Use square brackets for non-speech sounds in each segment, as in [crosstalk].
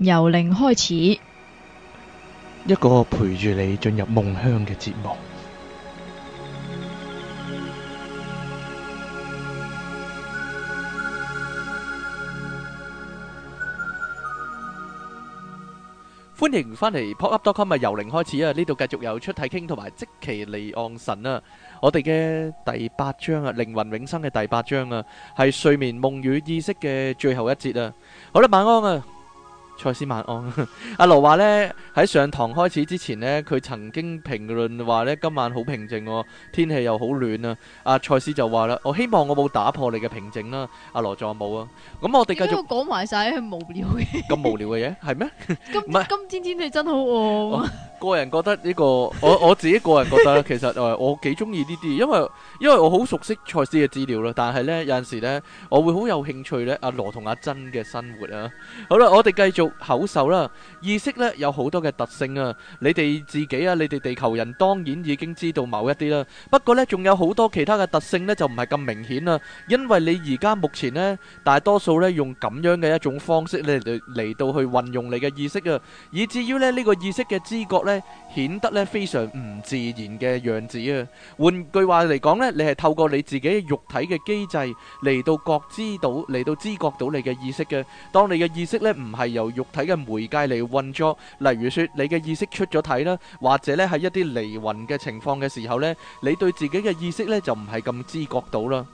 由零開始，一個陪住你進入夢鄉嘅節目。歡迎返嚟 pop up dot com 啊！由零開始啊，呢度繼續有出體傾同埋即其離岸神啊！我哋嘅第八章啊，靈魂永生嘅第八章啊，係睡眠夢與意識嘅最後一節啊！好啦，晚安啊！蔡斯晚安，啊，阿羅話呢，喺上堂開始之前呢，佢曾經評論話呢：「今晚好平靜，啊，天氣又好暖啊。阿、啊、蔡斯就話啦：我希望我冇打破你嘅平靜啦。阿羅就話冇啊。咁我哋繼續。都講埋曬，無聊嘅。咁無聊嘅嘢係咩？今今 [laughs] 嗎天天氣真好餓。不是 [laughs] 啊個人覺得呢個，我我自己個人覺得啦。其實誒，我幾中意呢啲，因為因為我好熟悉賽斯嘅資料啦。但係呢，有陣時咧，我會好有興趣呢阿羅同阿珍嘅生活啊。好啦，我哋繼續口授啦。意識呢，有好多嘅特性啊，你哋自己啊，你哋地球人當然已經知道某一啲啦。不過呢，仲有好多其他嘅特性呢，就唔係咁明顯啦。因為你而家目前呢，大多數呢，用咁樣嘅一種方式咧嚟到去運用你嘅意識啊，以至於呢，呢個意識嘅知覺。咧顯得咧非常唔自然嘅樣子啊，換句話嚟講咧，你係透過你自己嘅肉體嘅機制嚟到覺知到，嚟到知覺到你嘅意識嘅。當你嘅意識咧唔係由肉體嘅媒介嚟運作，例如說你嘅意識出咗體啦，或者咧係一啲離魂嘅情況嘅時候咧，你對自己嘅意識咧就唔係咁知覺到啦。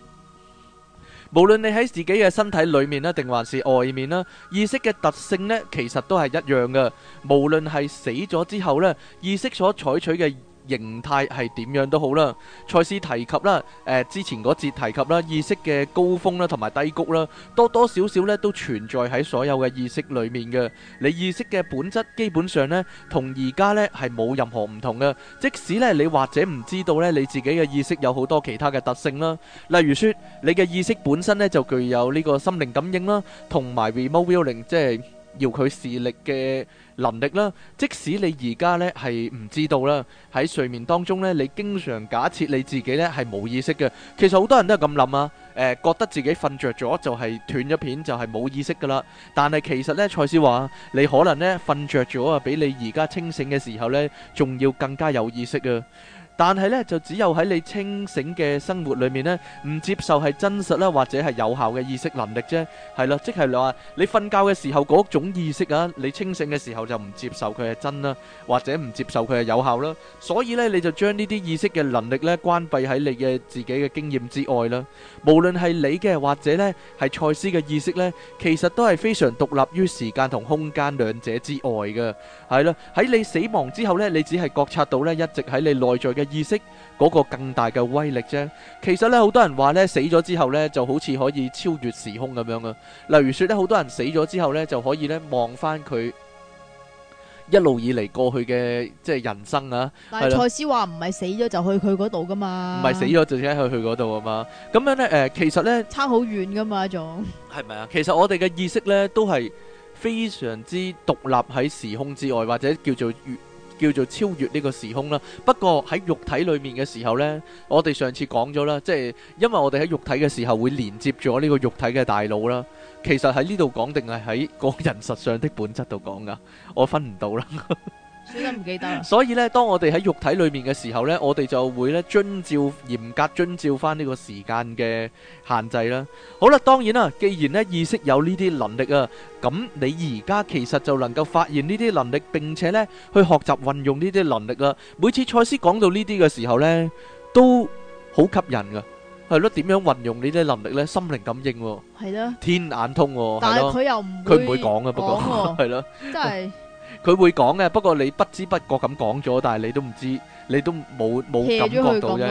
無論你喺自己嘅身體裏面啦，定還是外面啦，意識嘅特性呢，其實都係一樣嘅。無論係死咗之後呢，意識所採取嘅形態係點樣都好啦，賽斯提及啦，誒之前嗰節提及啦，意識嘅高峰啦同埋低谷啦，多多少少咧都存在喺所有嘅意識裡面嘅。你意識嘅本質基本上咧，同而家咧係冇任何唔同嘅。即使咧你或者唔知道咧你自己嘅意識有好多其他嘅特性啦，例如説你嘅意識本身咧就具有呢個心靈感應啦，同埋 remote viewing，即係。要佢視力嘅能力啦，即使你而家呢係唔知道啦，喺睡眠當中呢，你經常假設你自己呢係冇意識嘅，其實好多人都係咁諗啊，誒、呃、覺得自己瞓着咗就係斷咗片，就係冇意識噶啦，但係其實呢，賽斯話你可能呢瞓着咗啊，比你而家清醒嘅時候呢仲要更加有意識啊。但係咧，就只有喺你清醒嘅生活裏面咧，唔接受係真實啦，或者係有效嘅意識能力啫，係啦，即係話你瞓覺嘅時候嗰種意識啊，你清醒嘅時候就唔接受佢係真啦，或者唔接受佢係有效啦，所以咧，你就將呢啲意識嘅能力咧關閉喺你嘅自己嘅經驗之外啦。無論係你嘅或者咧係賽斯嘅意識咧，其實都係非常獨立於時間同空間兩者之外嘅，係啦。喺你死亡之後咧，你只係覺察到咧一直喺你內在嘅。意識嗰個更大嘅威力啫。其實咧，好多人話咧，死咗之後咧，就好似可以超越時空咁樣啊。例如說咧，好多人死咗之後咧，就可以咧望返佢一路以嚟過去嘅即係人生啊。但係賽斯話唔係死咗就去佢嗰度噶嘛？唔係死咗就先去去嗰度啊嘛？咁樣咧，誒、呃，其實咧差好遠噶嘛，仲係咪啊？其實我哋嘅意識咧都係非常之獨立喺時空之外，或者叫做。叫做超越呢個時空啦。不過喺肉體裏面嘅時候呢，我哋上次講咗啦，即係因為我哋喺肉體嘅時候會連接咗呢個肉體嘅大腦啦。其實喺呢度講定係喺個人實相的本質度講噶，我分唔到啦。所以唔記得。 [laughs] 所以咧，當我哋喺肉體裏面嘅時候咧，我哋就會咧遵照，嚴格遵照翻呢個時間嘅限制啦。好啦，當然啦，既然咧意識有呢啲能力啊，咁你而家其實就能夠發現呢啲能力，並且呢去學習運用呢啲能力啦。每次賽斯講到呢啲嘅時候呢，都好吸引噶。係咯，點樣運用呢啲能力呢？心靈感應，係啦了，天眼通，但係是佢了又唔，佢唔會講噶，不過係咯，真係。佢會講嘅，不過你不知不覺咁講咗，但係你都唔知，你都冇冇感覺到啫。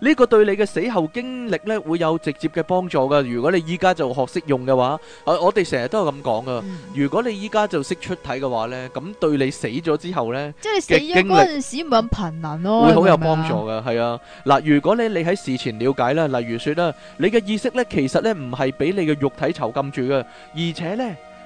呢個對你嘅死後經歷咧，會有直接嘅幫助噶。如果你依家就學識用嘅話，我我哋成日都係咁講噶。如果你依家就識出體嘅話咧，咁對你死咗之後咧，即係你死咗嗰陣時冇咁煩難咯，會好有幫助噶。係啊，嗱，如果你你喺事前瞭解啦，例如説啦，你嘅意識咧其實咧唔係俾你嘅肉體囚禁住嘅，而且咧。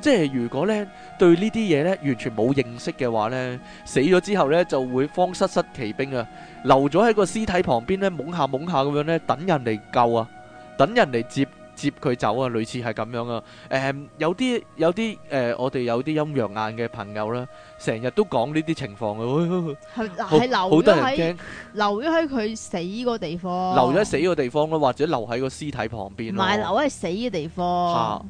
即係如果咧對呢啲嘢咧完全冇認識嘅話咧，死咗之後咧就會慌失失奇兵啊，留咗喺個屍體旁邊咧，懵下懵下咁樣咧，等人嚟救啊，等人嚟接接佢走啊，類似係咁樣啊。誒有啲有啲誒我哋有啲陰陽眼嘅朋友啦，成日都講呢啲情況嘅。係係留咗喺留咗喺佢死個地方，留咗喺死個地方咯，或者留喺個屍體旁邊咯，唔係留喺死嘅地方。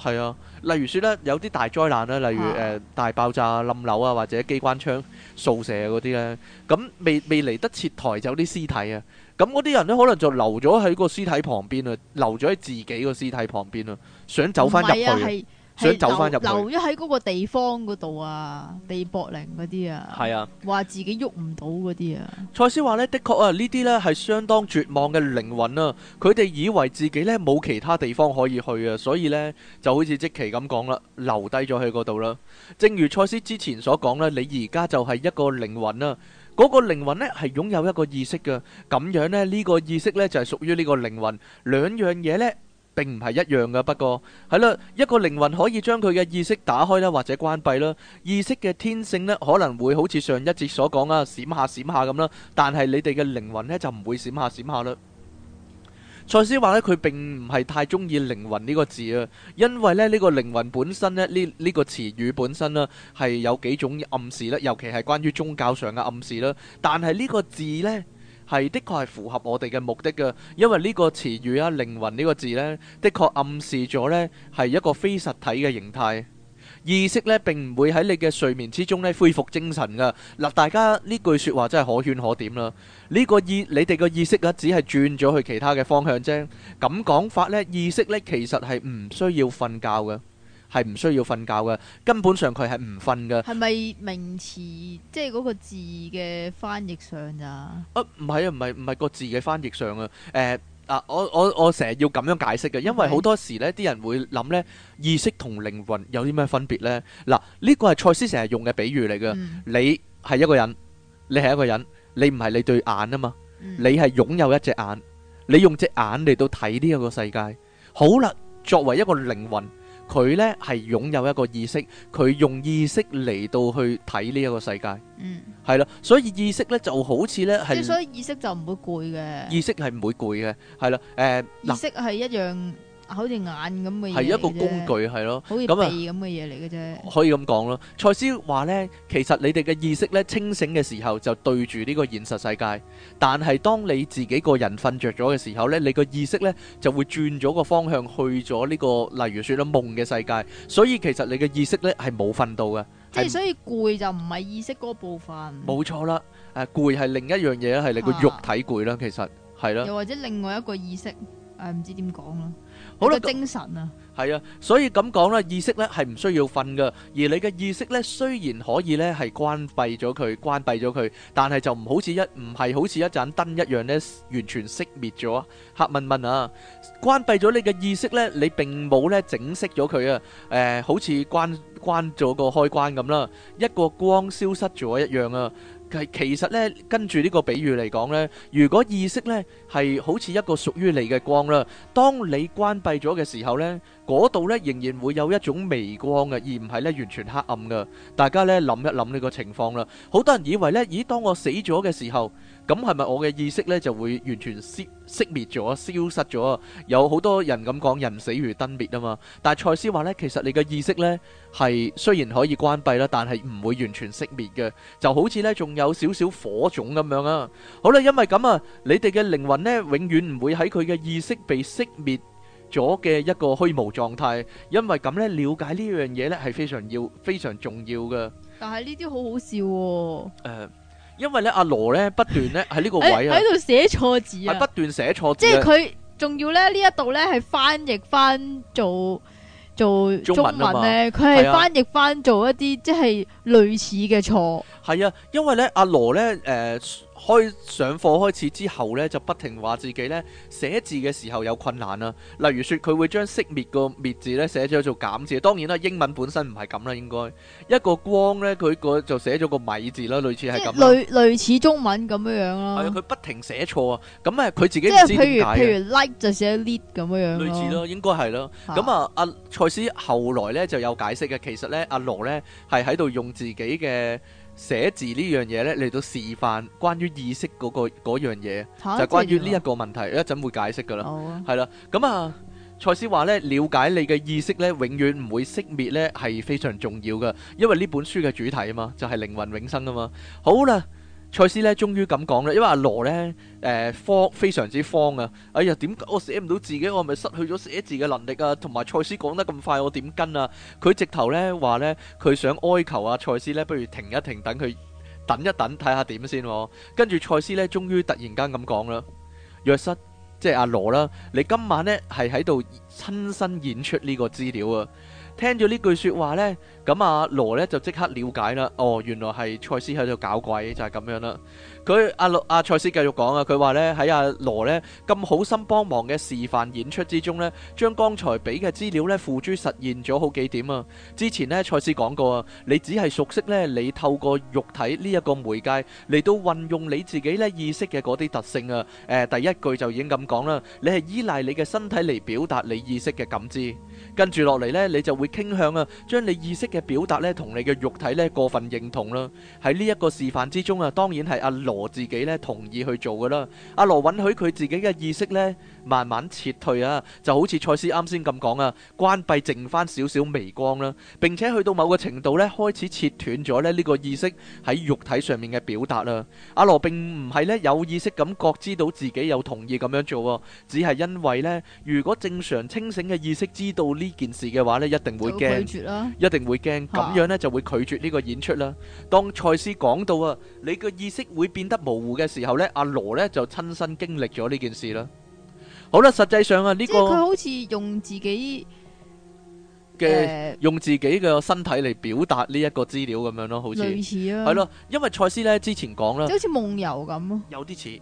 係啊，例如說咧，有啲大災難咧，例如誒、啊呃、大爆炸、冧樓啊，或者機關槍掃射嗰啲咧，咁未未嚟得切抬走啲屍體啊，咁嗰啲人咧，可能就留咗喺個屍體旁邊啊，留咗喺自己個屍體旁邊啊，想走翻入去。想走返入去留咗喺嗰個地方嗰度啊，地縛靈嗰啲啊，係啊，話自己喐唔到嗰啲啊。賽斯話呢，的確啊，呢啲呢係相當絕望嘅靈魂啊，佢哋以為自己呢冇其他地方可以去啊，所以呢就好似即期咁講啦，留低咗喺嗰度啦。正如賽斯之前所講呢，你而家就係一個靈魂啊。嗰、那個靈魂呢係擁有一個意識嘅，咁樣呢，呢個意識呢就係屬於呢個靈魂，兩樣嘢呢。並唔係一樣嘅。不過係啦，一個靈魂可以將佢嘅意識打開啦，或者關閉啦。意識嘅天性呢，可能會好似上一節所講啊，閃下閃下咁啦。但係你哋嘅靈魂呢，就唔會閃下閃下啦。賽斯話呢，佢並唔係太中意靈魂呢個字啊，因為呢呢個靈魂本身呢呢呢個詞語本身呢，係有幾種暗示咧，尤其係關於宗教上嘅暗示啦。但係呢個字呢。係的確係符合我哋嘅目的嘅，因為呢個詞語啊，靈魂呢個字呢，的確暗示咗呢係一個非實體嘅形態。意識呢並唔會喺你嘅睡眠之中呢恢復精神噶。嗱，大家呢句說話真係可圈可點啦。呢個意你哋嘅意識啊，只係轉咗去其他嘅方向啫。咁講法呢，意識呢其實係唔需要瞓覺嘅。係唔需要瞓覺嘅，根本上佢係唔瞓嘅。係咪名詞，即係嗰個字嘅翻譯上咋？啊，唔係啊，唔係唔係個字嘅翻譯上啊。誒、呃、啊,我我我成日要咁樣解釋嘅,因為好多時咧,啲人會諗咧意識同靈魂有啲咩分別咧。嗱,呢個係賽斯成日用嘅比喻嚟嘅。嗯、你係一個人,你係一個人,你唔係你對眼啊嘛,嗯、你係擁有一隻眼,你用隻眼嚟到睇呢一個世界。好啦,作為一個靈魂。佢咧係擁有一個意識，佢用意識嚟到去睇呢一個世界，嗯，係啦，所以意識咧就好似咧係，所以意識就唔會攰嘅，意識係唔會攰嘅，係啦，誒，意識係、呃、一樣。好似眼咁嘅嘢係一個工具，係咯，好似鼻咁嘅嘢嚟嘅啫，可以咁講咯。賽斯話咧，其實你哋嘅意識咧清醒嘅時候就對住呢個現實世界，但係當你自己個人瞓着咗嘅時候咧，你個意識咧就會轉咗個方向去咗呢個，例如說啦夢嘅世界。所以其實你嘅意識咧係冇瞓到嘅，即係所以攰就唔係意識嗰部分。冇錯啦，誒，攰係另一樣嘢，係你個肉體攰啦。其實係咯，又或者另外一個意識，誒，唔知點講啦。好啦，精神啊，係啊，所以咁講啦，意識咧係唔需要瞓噶，而你嘅意識咧雖然可以咧係關閉咗佢，關閉咗佢，但係就唔好似一唔係好似一盞燈一樣咧完全熄滅咗。黑悶悶啊，關閉咗你嘅意識咧，你並冇咧整熄咗佢啊，誒，好似關關咗個開關咁啦，一個光消失咗一樣啊。係其實咧，跟住呢個比喻嚟講呢，如果意識呢係好似一個屬於你嘅光啦，當你關閉咗嘅時候呢，嗰度呢仍然會有一種微光嘅，而唔係呢完全黑暗嘅。大家呢諗一諗呢個情況啦。好多人以為呢，咦，當我死咗嘅時候。咁係咪我嘅意識呢就會完全熄熄滅咗、消失咗？有好多人咁講，人死如燈滅啊嘛。但係賽斯話呢，其實你嘅意識呢係雖然可以關閉啦，但係唔會完全熄滅嘅，就好似呢仲有少少火種咁樣啊。好啦，因為咁啊，你哋嘅靈魂呢永遠唔會喺佢嘅意識被熄滅咗嘅一個虛無狀態，因為咁呢，了解呢樣嘢呢係非常要、非常重要嘅。但係呢啲好好笑喎、哦。誒、呃。因為咧阿羅咧不斷咧喺呢個位啊，喺度寫錯字啊，係，不斷寫錯字。即係佢仲要咧呢一度咧係翻譯翻做做中文咧，佢係翻譯翻做一啲即係類似嘅錯。係啊，因為咧阿羅咧誒。呃開上課開始之後咧，就不停話自己咧寫字嘅時候有困難啦、啊。例如說，佢會將熄滅個滅字咧寫咗做減字。當然啦，英文本身唔係咁啦，應該一個光咧，佢個就寫咗個米字啦，類似係咁。即係類，類似中文咁樣樣咯。係啊，佢、哎、不停寫錯啊。咁誒，佢自己唔、嗯、唔知點解譬，譬如 like 就寫 lit 咁樣樣、啊、咯。類似咯，應該係咯。咁啊，阿賽斯後來咧就有解釋嘅。其實咧，阿、啊、羅咧係喺度用自己嘅。寫字呢樣嘢呢，嚟到示範關於意識嗰、那個樣嘢，就關於呢一個問題，一陣會解釋噶啦，係啦、oh.。咁啊，賽斯話呢，了解你嘅意識呢，永遠唔會熄滅呢，係非常重要噶，因為呢本書嘅主題啊嘛，就係、是、靈魂永生啊嘛。好啦。賽斯咧，終於咁講咧，因為阿羅咧，誒慌非常之慌啊！哎呀，點解我寫唔到字嘅，我係咪失去咗寫字嘅能力啊？同埋賽斯講得咁快，我點跟啊？佢直頭咧話咧，佢想哀求阿賽斯咧，不如停一停，等佢等一等，睇下點先。跟住賽斯咧，終於突然間咁講啦，約瑟即係阿羅啦，你今晚咧係喺度親身演出呢個資料啊，聽咗呢句說話咧，咁阿羅咧就即刻了解啦。哦，原來係賽斯喺度搞鬼，就係咁樣啦。佢阿羅阿賽斯繼續講啊，佢話咧，喺阿羅咧咁好心幫忙嘅示範演出之中咧，將剛才俾嘅資料咧付諸實現咗好幾點啊。之前咧，賽斯講過啊，你只係熟悉咧你透過肉體呢一個媒介嚟到運用你自己咧意識嘅嗰啲特性啊。誒，第一句就已經咁講啦，你係依賴你嘅身體嚟表達你意識嘅感知，跟住落嚟呢，你就會傾向啊，將你意識嘅表達呢同你嘅肉體呢過分認同啦。喺呢一個示範之中啊，當然係阿羅自己呢同意去做㗎啦。阿羅允許佢自己嘅意識呢，慢慢撤退啊，就好似賽斯啱先咁講啊，關閉剩返少少微光啦，並且去到某個程度咧，開始切斷咗咧呢個意識喺肉體上面嘅表達啦。阿羅並唔係咧有意識咁覺知道自己有同意咁樣做，只係因為咧，如果正常清醒嘅意識知道呢件事嘅話咧，一定會驚，一定會驚，咁樣咧就會拒絕呢個演出啦。當賽斯講到啊，你嘅意識會變得模糊嘅時候咧，阿羅咧就親身經歷咗呢件事啦。好啦，實際上啊，呢個即係佢好似用自己嘅用自己嘅身體嚟表達呢一個資料咁樣咯，好似類似啊，係咯，因為賽斯咧之前講啦，就好似夢遊咁咯，有啲似，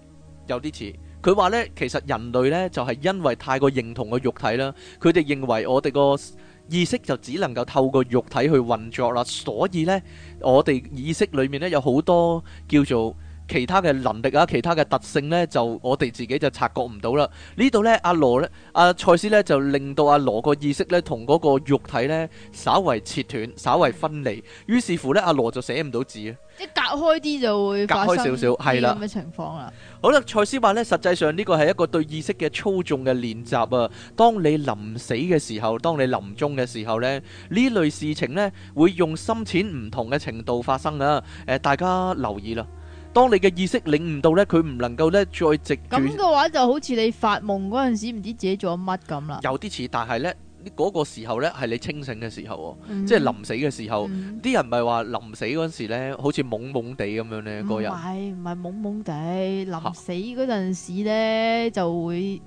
有啲似。佢話咧，其實人類咧就係因為太過認同個肉體啦，佢哋認為我哋個意識就只能夠透過肉體去運作啦，所以咧我哋意識裏面咧有好多叫做，其他嘅能力啊，其他嘅特性呢，就我哋自己就察覺唔到啦。呢度呢，阿羅呢，阿、啊、賽斯呢，就令到阿羅個意識呢，同嗰個肉體呢，稍為切斷，稍為分離。於是乎呢，阿、啊、羅就寫唔到字啊。一隔開啲就會隔開少少，係啦咁嘅情況啊。好啦，賽斯話呢，實際上呢個係一個對意識嘅操縱嘅練習啊。當你臨死嘅時候，當你臨終嘅時候呢，呢類事情呢，會用深淺唔同嘅程度發生啊。誒、呃，大家留意啦。當你嘅意識領悟到咧，佢唔能夠咧再直轉。咁嘅話就好似你發夢嗰陣時，唔知自己做咗乜咁啦。有啲似，但係咧，嗰、嗰個時候咧係你清醒嘅時候，嗯、即係臨死嘅時候，啲、嗯、人唔係話臨死嗰陣時咧，好似懵懵地咁樣咧，個人唔係唔係懵懵地，臨死嗰陣時咧哈就會，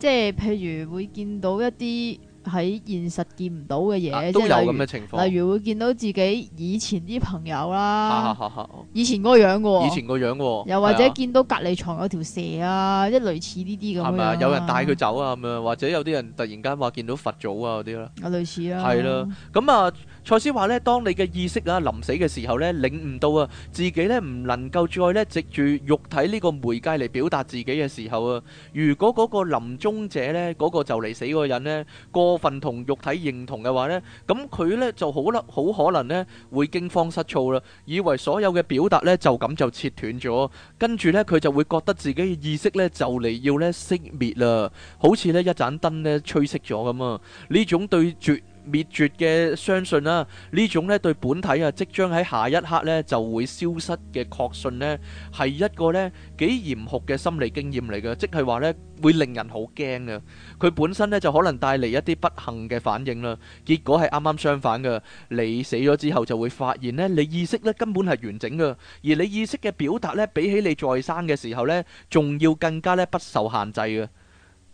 即係譬如會見到一啲。喺現實見唔到嘅嘢、啊，都有咁嘅情況例。例如會見到自己以前啲朋友啦，啊啊啊、以前個樣、喔、以前個樣喎、喔。又或者見到隔離床有條蛇啊，即係、啊、類似呢啲咁樣。係咪有人帶佢走啊咁樣，啊、或者有啲人突然間話見到佛祖啊嗰啲啦，有類似啦。係啦，咁啊。賽斯話咧：當你嘅意識啊臨死嘅時候咧，領悟到啊，自己咧唔能夠再咧藉住肉體呢個媒介嚟表達自己嘅時候啊，如果嗰個臨終者咧，嗰個就嚟死嗰個人咧過分同肉體認同嘅話咧，咁佢咧就好啦，好可能咧會驚慌失措啦，以為所有嘅表達咧就咁就切斷咗，跟住咧佢就會覺得自己意識咧就嚟要咧熄滅啦，好似咧一盞燈咧吹熄咗咁啊！呢種對絕滅絕嘅相信啦，呢種咧對本體啊即將喺下一刻咧就會消失嘅確信呢，係一個呢幾嚴酷嘅心理經驗嚟嘅，即係話呢，會令人好驚嘅。佢本身呢，就可能帶嚟一啲不幸嘅反應啦。結果係啱啱相反噶，你死咗之後就會發現呢，你意識咧根本係完整嘅，而你意識嘅表達呢，比起你在生嘅時候呢，仲要更加咧不受限制嘅。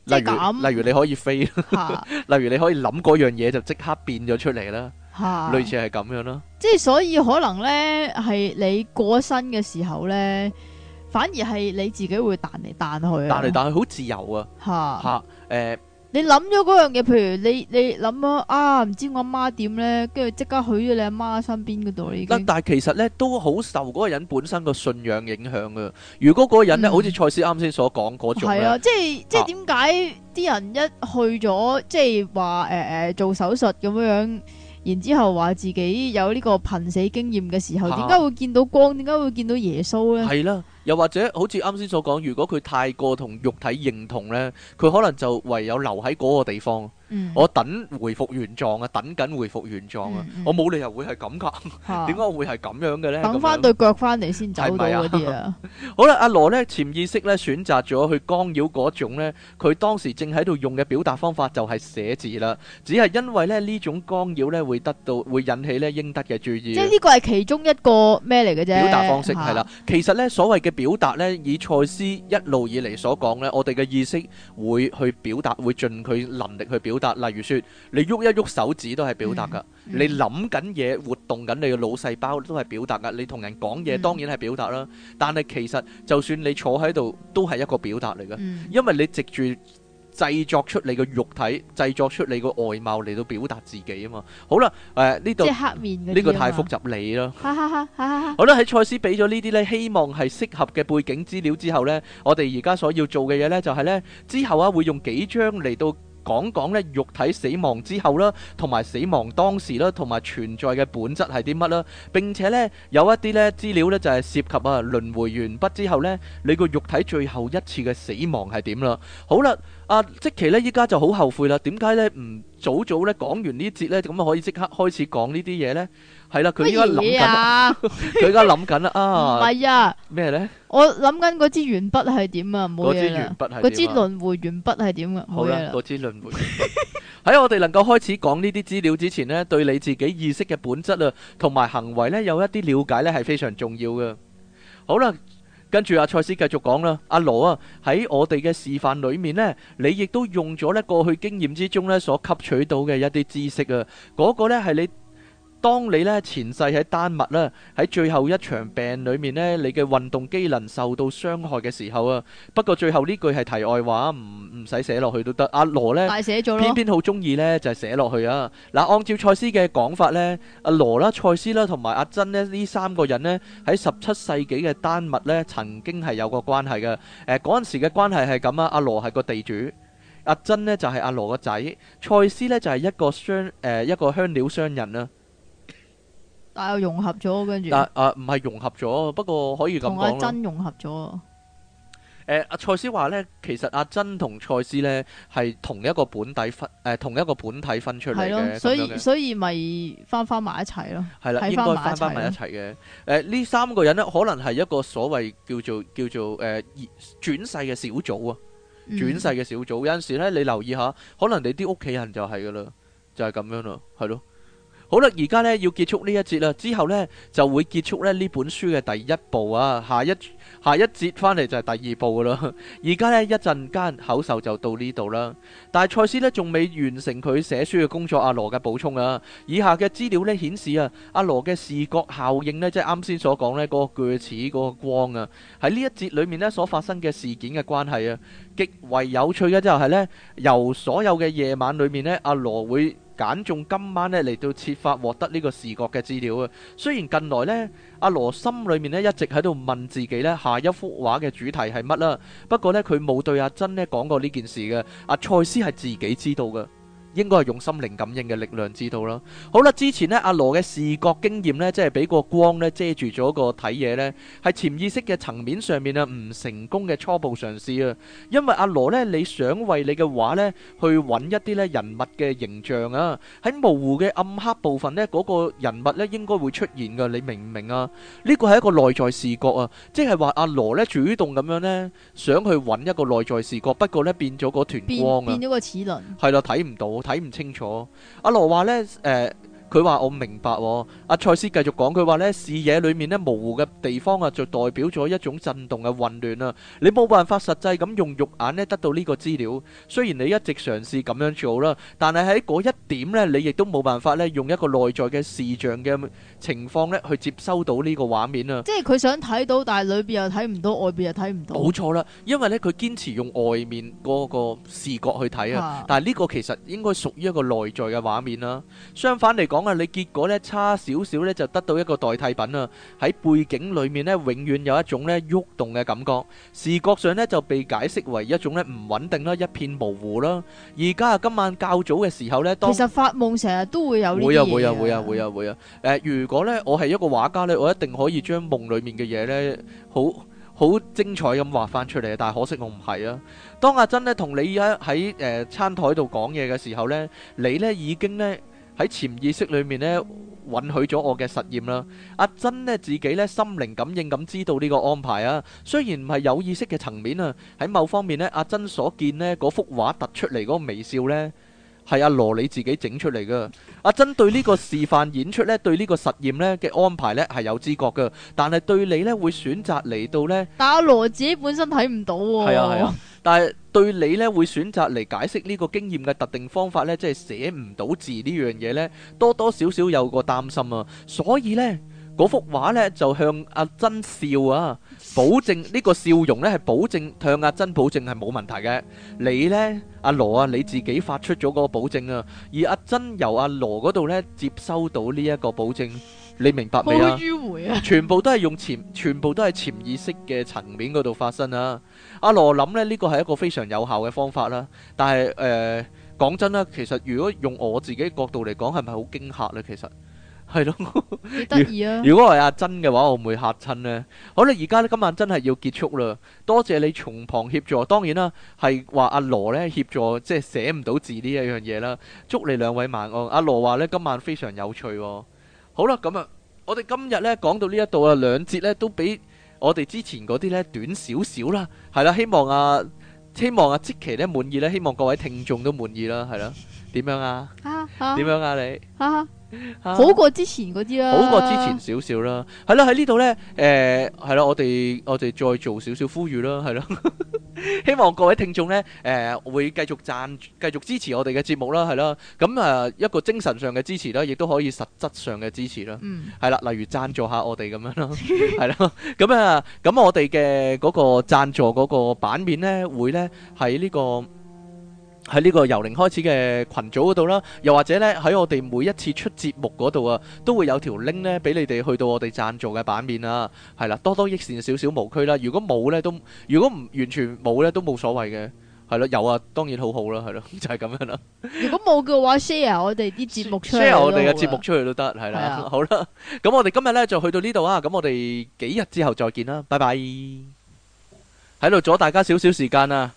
例如，例如你可以飛，啊、 [laughs] 例如你可以諗嗰樣嘢，就即刻變咗出嚟啦。啊、類似係咁樣咯。即係所以可能咧，係你過身嘅時候咧，反而係你自己會彈嚟彈去，啊，彈嚟彈去好自由啊。吓吓、啊，誒、啊。呃你諗咗嗰樣嘢，譬如你你諗咗啊，唔知我阿媽點咧，跟住即刻去咗你阿媽身邊嗰度啦，但但係其實咧都好受嗰個人本身個信仰影響噶。如果嗰個人咧，嗯、好似賽斯啱先所講嗰種，係、嗯、啊，即係即係點解啲人一去咗即係話誒誒做手術咁樣。然之後話自己有呢個瀕死經驗嘅時候，點解、啊、會見到光？點解會見到耶穌呢？係啦，又或者好似啱先所講，如果佢太過同肉體認同呢，佢可能就唯有留喺嗰個地方。我等回復原狀啊！等緊回復原狀啊！我冇理由會係咁㗎，點解會係咁樣嘅咧？等翻對腳翻嚟先走啲嘅。好啦，阿羅咧，潛意識咧選擇咗去干擾嗰種咧，佢當時正喺度用嘅表達方法就係寫字啦，只係因為咧呢種干擾咧會得到會引起咧應得嘅注意。即係呢個係其中一個咩嚟嘅啫？表達方式係啦，其實咧所謂嘅表達咧，以賽斯一路以嚟所講咧，我哋嘅意識會去表達，會盡佢能力去表。例如說你喐一喐手指都係表達噶嗯、你諗緊嘢、活動緊你嘅腦細胞都係表達噶你同人講嘢當然係表達啦。嗯、但係其實就算你坐喺度都係一個表達嚟噶，嗯、因為你藉住製作出你嘅肉體，製作出你嘅外貌嚟到表達自己啊嘛。好啦，誒呢度，呢個太複雜吧你咯了。哈哈哈！好啦，喺賽斯俾咗呢啲呢，希望係適合嘅背景資料之後呢，我哋而家所要做嘅嘢呢，就係呢之後啊會用幾張嚟到，講講咧，肉體死亡之後啦，同埋死亡當時啦，同埋存在嘅本質係啲乜啦？並且呢有一啲呢資料呢，就係涉及啊，輪迴完畢之後呢，你個肉體最後一次嘅死亡係點啦？好啦，啊即奇呢，依家就好後悔啦，點解呢？唔？早早咧講完呢節咧，咁啊可以即刻開始講呢啲嘢咧。係啦，佢而家諗緊，佢而家諗緊啦。啊，唔係啊，咩咧？我諗緊嗰支鉛筆係點啊？冇嘢啦。嗰支鉛筆係點？嗰支輪迴鉛筆係點噶？好啦，嗰支輪迴鉛筆。喺我哋能夠開始講呢啲資料之前咧，對你自己意識嘅本質啊，同埋行為咧，有一啲了解咧，係非常重要嘅。好啦。跟住阿賽斯繼續講啦，阿羅啊，羅，喺我哋嘅示範裡面呢，你亦都用咗呢過去經驗之中呢所吸取到嘅一啲知識啊，嗰個咧係你。當你咧前世喺丹麥咧喺最後一場病裡面咧，你嘅運動機能受到傷害嘅時候啊。不過最後呢句係題外話，唔唔使寫落去都得。阿羅呢，偏偏好中意呢，就係、是、寫落去啊。嗱，按照賽斯嘅講法呢，阿羅啦、賽斯啦同埋阿珍呢，呢三個人呢，喺十七世紀嘅丹麥咧曾經係有過關係嘅。誒嗰陣時嘅關係係咁啊，阿羅係個地主，阿珍呢就係阿羅個仔，賽斯呢就係一個香誒、呃、一個香料商人啊。但又、啊、融合咗，跟住嗱，誒、啊，唔、啊、係融合咗，不過可以咁講咯。同阿珍融合咗。誒、呃，阿賽斯話咧，其實阿珍同賽斯咧係同一個本底分，誒、呃，同一個本體分出嚟嘅了，所以所以咪翻翻埋一齊咯。係啦，應該翻翻埋一齊嘅。誒，呢、呃、三個人咧，可能係一個所謂叫做叫做誒轉、呃、世嘅小組啊，轉、嗯、世嘅小組。有陣時咧，你留意下，可能你啲屋企人就係噶啦，就係、是、咁樣啦，係、就、咯、是。好啦，而家呢要結束呢一節啦，之後呢，就會結束咧呢本書嘅第一部啊，下一下一節翻嚟就係第二部噶啦。而家呢，一陣間口授就到呢度啦，但係賽斯呢，仲未完成佢寫書嘅工作，阿羅嘅補充啊。以下嘅資料呢，顯示啊，阿羅嘅視覺效應呢，即係啱先所講呢個鋸齒嗰個光啊，喺呢一節裏面呢，所發生嘅事件嘅關係啊，極為有趣嘅就係、是、呢，由所有嘅夜晚裏面呢，阿羅會。揀中今晚咧嚟到設法獲得呢個視覺嘅資料啊！雖然近來咧阿羅心裏面咧一直喺度問自己咧下一幅畫嘅主題係乜啦，不過咧佢冇對阿珍咧講過呢件事嘅，阿、啊、賽斯係自己知道嘅。應該係用心靈感應嘅力量知道啦。好啦，之前咧阿羅嘅視覺經驗咧，即係俾個光咧遮住咗個睇嘢咧，喺潛意識嘅層面上面啊，唔成功嘅初步嘗試啊。因為阿羅咧，你想為你嘅畫咧去揾一啲咧人物嘅形象啊，喺模糊嘅暗黑部分咧，嗰個人物咧應該會出現㗎。你明唔明啊？呢個係一個內在視覺啊，即係話阿羅咧主動咁樣咧想去揾一個內在視覺，不過咧變咗嗰團光啊，變咗個齒輪，係啦，睇唔到。睇唔清楚，阿羅話咧，誒、呃。佢話：我明白喎。阿賽斯繼續講：佢話咧視野裏面咧模糊嘅地方啊，就代表咗一種震動嘅混亂啊。你冇辦法實際咁用肉眼咧得到呢個資料。雖然你一直嘗試咁樣做啦，但係喺嗰一點咧，你亦都冇辦法咧用一個內在嘅視像嘅情況咧去接收到呢個畫面啊。即係佢想睇到，但係裏邊又睇唔到，外邊又睇唔到。冇錯啦，因為咧佢堅持用外面嗰個視覺去睇啊。但係呢個其實應該屬於一個內在嘅畫面啦。相反嚟講。啊！你結果咧差少少咧，就得到一個代替品啦。喺背景裏面咧，永遠有一種咧喐動嘅感覺，視覺上咧就被解釋為一種咧唔穩定啦，一片模糊啦。而家啊，今晚較早嘅時候咧，當其實發夢成日都會有呢啲嘢。會啊會啊會啊會啊會啊！誒，如果咧我係一個畫家咧，我一定可以將夢裏面嘅嘢咧好好精彩咁畫翻出嚟。但係可惜我唔係啊。當阿珍咧同你喺喺誒餐台度講嘢嘅時候咧，你咧已經咧。喺潛意識裏面呢，允許咗我嘅實驗啦。阿珍呢，自己呢，心靈感應咁知道呢個安排啊。雖然唔係有意識嘅層面啊，喺某方面呢，阿珍所見呢，嗰幅畫突出嚟嗰個微笑呢，係阿羅你自己整出嚟噶。阿珍對呢個示範演出呢， [laughs] 對呢個實驗呢嘅安排呢，係有知覺噶，但係對你呢，會選擇嚟到呢。但阿羅自己本身睇唔到喎。係啊，係啊。但係對你呢，會選擇嚟解釋呢個經驗嘅特定方法呢，即係寫唔到字呢樣嘢呢，多多少少有個擔心啊。所以呢，嗰幅畫呢就向阿珍笑啊，保證呢、呢個笑容呢係保證向阿珍保證係冇問題嘅。你呢，阿羅啊，你自己發出咗個保證啊。而阿珍由阿羅嗰度呢接收到呢一個保證，你明白未啊？ [laughs] 全部都係用潛，全部都係潛意識嘅層面嗰度發生啊！阿羅諗咧，呢個係一個非常有效嘅方法啦。但係誒，講、呃、真啦，其實如果用我自己角度嚟講，係咪好驚嚇呢？其實係咯，好得意啊！ [laughs] 如果係阿珍嘅話，我唔會吓親呢。好啦，而家今晚真係要結束啦。多謝你從旁協助，當然啦，係話阿羅呢協助，即係寫唔到字呢一樣嘢啦。祝你兩位晚安。阿羅話呢，今晚非常有趣哦。好啦，咁啊，我哋今日呢講到呢一度啊，兩節呢都俾。我哋之前嗰啲呢，短少少啦，係啦，希望啊，希望啊，即期呢，滿意啦，希望各位聽眾都滿意啦，係啦。點樣啊，啊？啊，點樣啊你？你好過之前嗰啲啦，好過之前少少啦。係啦，喺呢度呢，誒、呃，係啦，我哋我哋再做少少呼籲啦，係咯， [laughs] 希望各位聽眾呢，誒、呃，會繼續讚，繼續支持我哋嘅節目啦，係咯。咁啊，一個精神上嘅支持啦，亦都可以實質上嘅支持啦。嗯，係啦，例如贊助下我哋咁樣咯，係咯。 [laughs] 咁啊，咁我哋嘅嗰個贊助嗰個版面呢，會呢，喺呢、這個。喺呢個由零開始嘅群組嗰度啦，又或者呢，喺我哋每一次出節目嗰度啊，都會有條 link 呢，俾你哋去到我哋贊助嘅版面啊，係啦，多多益善少少無拘啦。如果冇呢，都，如果唔完全冇呢，都冇所謂嘅，係咯，有啊當然好好啦，係咯，就係、是、咁樣啦 [laughs] 。如果冇嘅話，share 我哋啲節目出嚟 share 我哋嘅節目出去都得，係啦。 [laughs] 好啦，咁我哋今日呢，就去到呢度啊，咁、啊、我哋幾日之後再見啦，拜拜。喺度阻大家少少時間啊！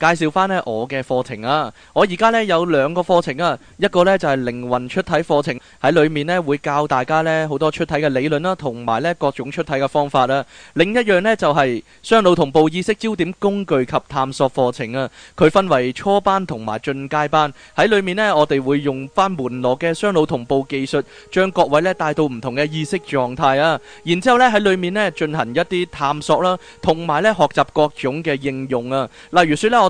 介紹翻咧我嘅課程啊！我而家咧有兩個課程啊，一個咧就係靈魂出體課程，喺裏面咧會教大家咧好多出體嘅理論啦，同埋咧各種出體嘅方法啦。另一樣咧就係雙腦同步意識焦點工具及探索課程啊。佢分為初班同埋進階班，喺裏面咧我哋會用翻門羅嘅雙腦同步技術，將各位咧帶到唔同嘅意識狀態啊。然之後咧喺裏面咧進行一啲探索啦，同埋咧學習各種嘅應用啊。例如説咧我。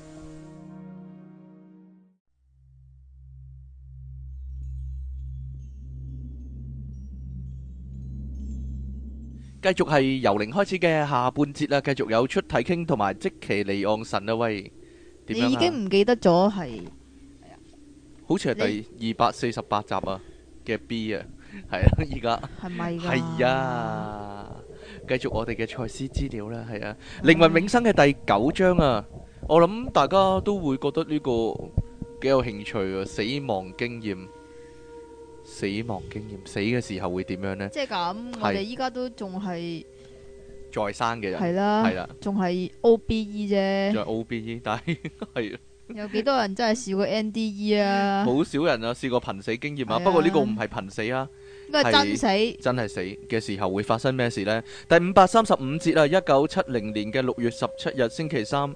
繼續係由零開始嘅下半節啦、啊，繼續有出體傾同埋即期離岸神啊，喂，啊、你已經唔記得咗係，好似係第二百四十八集啊嘅你 B 啊，係啊，依家係咪？係啊，繼續我哋嘅賽斯資料啦，係啊，靈魂永生嘅第九章啊，嗯、我諗大家都會覺得呢個幾有興趣啊，死亡經驗。死亡經驗，死嘅時候會點樣咧？即係咁，我哋依家都仲係在生嘅人，係啦，係啦，仲係 OBE 啫，仲係 OBE，但係係有幾多人真係試過 NDE 啊？好少人啊，試過瀕死經驗啊，不過呢個唔係瀕死啊，應該係真死，真係死嘅時候會發生咩事咧？第五百三十五節啊，一九七零年嘅六月十七日星期三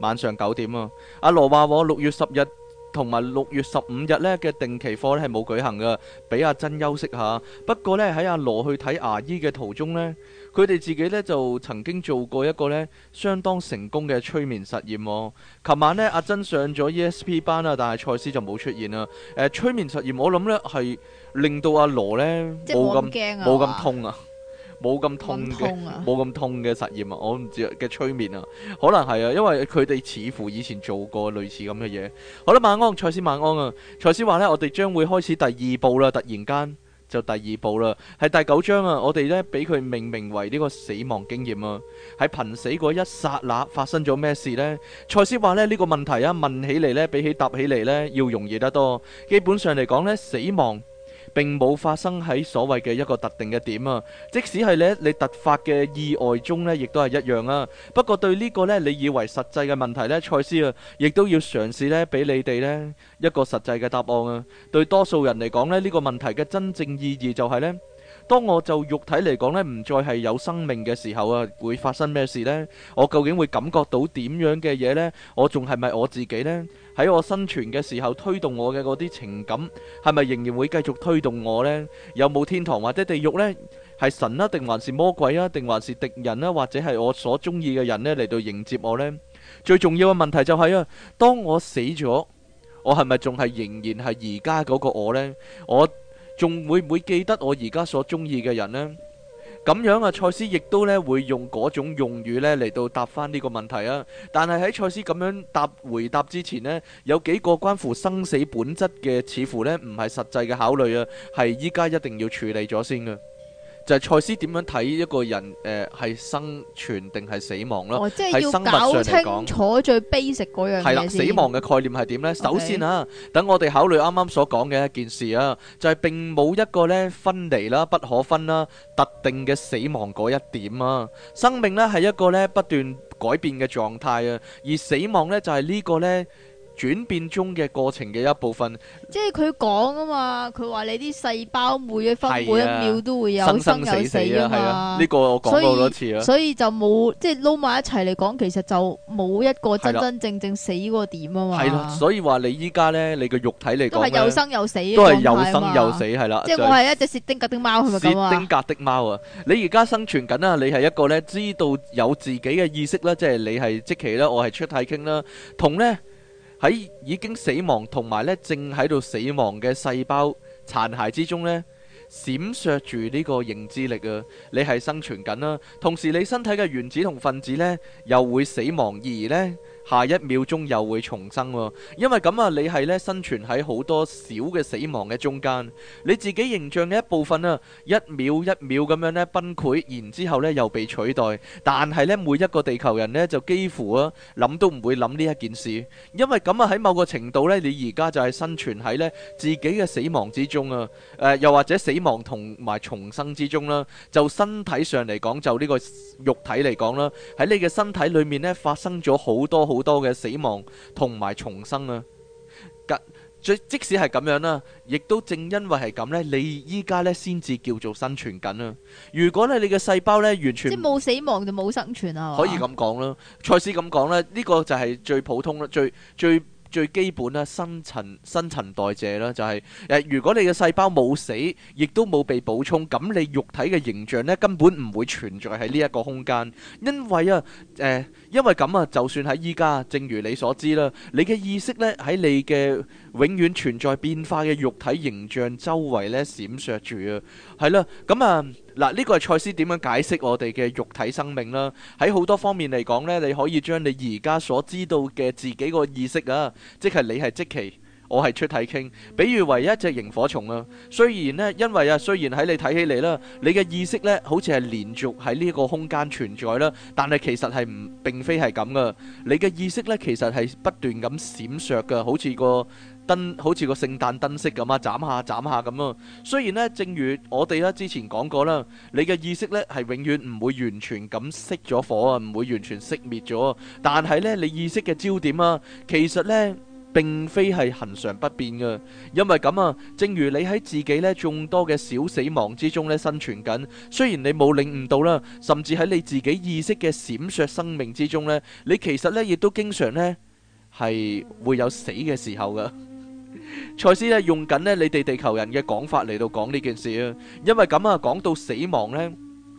晚上九點啊，阿羅話我六月十日，同埋六月十五日呢嘅定期課呢係冇舉行噶，俾阿珍休息下。不過呢，喺阿羅去睇牙醫嘅途中呢，佢哋自己呢就曾經做過一個呢相當成功嘅催眠實驗。哦。琴晚呢，阿珍上咗 ESP 班啦，但係賽斯就冇出現啦。誒、呃，催眠實驗我諗呢係令到阿羅呢冇咁冇咁痛啊。 [laughs] 冇咁痛嘅，冇咁痛嘅、啊、實驗啊！我唔知嘅催眠啊，可能係啊，因為佢哋似乎以前做過類似咁嘅嘢。好啦，晚安，賽斯晚安啊！賽斯話呢，我哋將會開始第二步啦，突然間就第二步啦，係第九章啊！我哋呢，俾佢命名為呢個死亡經驗啊！喺瀕死嗰一剎那發生咗咩事呢？賽斯話呢，呢、呢個問題啊問起嚟呢，比起答起嚟呢，要容易得多。基本上嚟講呢，死亡。並冇發生喺所謂嘅一個特定嘅點啊，即使係呢你突發嘅意外中呢，亦都係一樣啊。不過對呢個呢，你以為實際嘅問題呢，賽斯啊，亦都要嘗試呢，俾你哋呢一個實際嘅答案啊。對多數人嚟講呢，呢個問題嘅真正意義就係呢，當我就肉體嚟講呢，唔再係有生命嘅時候啊，會發生咩事呢？我究竟會感覺到點樣嘅嘢呢？我仲係咪我自己呢？喺我生存嘅時候推動我嘅嗰啲情感，係咪仍然會繼續推動我呢？有冇天堂或者地獄呢？係神啊，定還是魔鬼啊，定還是敵人啊，或者係我所中意嘅人呢，嚟到迎接我呢？最重要嘅問題就係啊，當我死咗，我係咪仲係仍然係而家嗰個我呢？我仲會唔會記得我而家所中意嘅人呢？咁樣啊，賽斯亦都咧會用嗰種用語咧嚟到答返呢個問題啊。但係喺賽斯咁樣答回答之前呢，有幾個關乎生死本質嘅，似乎咧唔係實際嘅考慮啊，係依家一定要處理咗先嘅。就係賽斯點樣睇一個人？誒、呃、係生存定係死亡咯？喺、哦、生物上嚟講，搞清楚最 basic 嗰樣嘢先。係啦，死亡嘅概念係點呢？Okay. 首先啊，等我哋考慮啱啱所講嘅一件事啊，就係、是、並冇一個呢分離啦、不可分啦、啊、特定嘅死亡嗰一點啊。生命呢係一個呢不斷改變嘅狀態啊，而死亡呢就係、是、呢個呢。轉變中嘅過程嘅一部分，即係佢講啊嘛。佢話你啲細胞每一分每一秒都會有生有死啊嘛。呢、呢個我講過好多次啊。所以就冇即係撈埋一齊嚟講，其實就冇一個真真正正死過點啊嘛。係咯，所以話你依家咧，你個肉體嚟講都係又生又死，都係有生有死係啦。有有即係我係一隻薛丁格的貓，係咪噉？薛丁格的貓啊！你而家生存緊啊，你係一個咧知道有自己嘅意識啦，即係你係即期啦，我係出太傾啦，同咧。喺已經死亡同埋咧，正喺度死亡嘅細胞殘骸之中呢，閃爍住呢個認知力啊！你係生存緊啦、啊，同時你身體嘅原子同分子呢，又會死亡而呢。下一秒鐘又會重生喎，因為咁啊，你係咧生存喺好多小嘅死亡嘅中間，你自己形象嘅一部分啊，一秒一秒咁樣咧崩潰，然之後咧又被取代，但係咧每一個地球人咧就幾乎啊諗都唔會諗呢一件事，因為咁啊喺某個程度咧，你而家就係生存喺咧自己嘅死亡之中啊，誒又或者死亡同埋重生之中啦，就身體上嚟講就呢個肉體嚟講啦，喺你嘅身體裏面咧發生咗好多好。好多嘅死亡同埋重生啊！即使係咁樣啦，亦都正因為係咁咧，你依家咧先至叫做生存緊啊。如果咧你嘅細胞咧完全即冇死亡就冇生存啊，可以咁講啦。賽斯咁講啦，呢個就係最普通啦，最最。最基本啦，新陳新陳代謝啦，就係、是、誒，如果你嘅細胞冇死，亦都冇被補充，咁你肉體嘅形象呢，根本唔會存在喺呢一個空間，因為啊誒、呃，因為咁啊，就算喺依家，正如你所知啦，你嘅意識呢，喺你嘅永遠存在變化嘅肉體形象周圍呢，閃爍住啊，係啦，咁、嗯、啊。嗱，呢個係賽斯點樣解釋我哋嘅肉體生命啦？喺好多方面嚟講呢，你可以將你而家所知道嘅自己個意識啊，即係你係即期，我係出體傾。比喻為一隻螢火蟲啊。雖然呢，因為啊，雖然喺你睇起嚟啦，你嘅意識呢好似係連續喺呢個空間存在啦，但係其實係唔並非係咁噶。你嘅意識呢，其實係不斷咁閃爍噶，好似個燈好似個聖誕燈飾咁啊，眨下眨下咁啊。雖然呢，正如我哋呢之前講過啦，你嘅意識呢係永遠唔會完全咁熄咗火啊，唔會完全熄滅咗。但係呢，你意識嘅焦點啊，其實呢，並非係恒常不變嘅。因為咁啊，正如你喺自己呢眾多嘅小死亡之中呢生存緊，雖然你冇領悟到啦，甚至喺你自己意識嘅閃爍生命之中呢，你其實呢亦都經常呢係會有死嘅時候嘅。賽斯咧用緊咧你哋地球人嘅講法嚟到講呢件事啊，因為咁啊，講到死亡呢。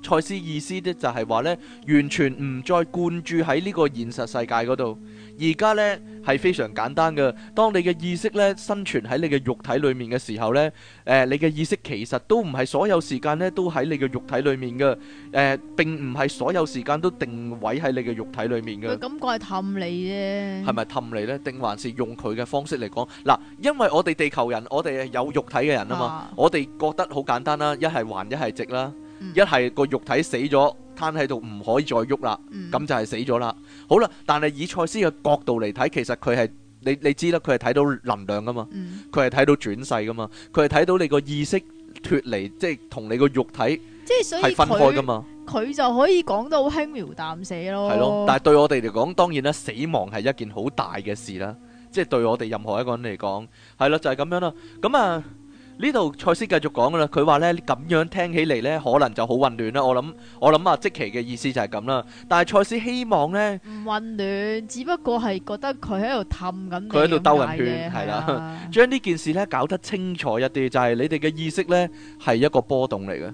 賽斯意思咧就係話呢，完全唔再灌注喺呢個現實世界嗰度。而家呢係非常簡單嘅，當你嘅意識呢生存喺你嘅肉體裡面嘅時候呢，誒、呃，你嘅意識其實都唔係所有時間呢都喺你嘅肉體裡面嘅，誒、呃，並唔係所有時間都定位喺你嘅肉體裡面嘅。咁怪係氹你啫，係咪氹你呢？定還是用佢嘅方式嚟講嗱？因為我哋地球人，我哋有肉體嘅人啊嘛，啊我哋覺得好簡單啦，一係橫一係直啦。一係個肉體死咗，攤喺度唔可以再喐啦，咁就係死咗啦。好啦，但係以賽斯嘅角度嚟睇，其實佢係你你知啦，佢係睇到能量噶嘛，佢係睇到轉世噶嘛，佢係睇到你個意識脫離，即係同你個肉體係分開噶嘛。佢就可以講到輕描淡寫咯。係咯，但係對我哋嚟講，當然啦，死亡係一件好大嘅事啦，即係對我哋任何一個人嚟講，係啦，就係咁樣啦。咁啊。呢度賽斯繼續講啦，佢話呢，咁樣聽起嚟呢，可能就好混亂啦。我諗我諗啊，即其嘅意思就係咁啦。但係賽斯希望呢，唔混亂只不過係覺得佢喺度氹緊，佢喺度兜人圈，係啦的，將呢的 [laughs] 件事呢，搞得清楚一啲，就係、是、你哋嘅意識呢，係一個波動嚟嘅。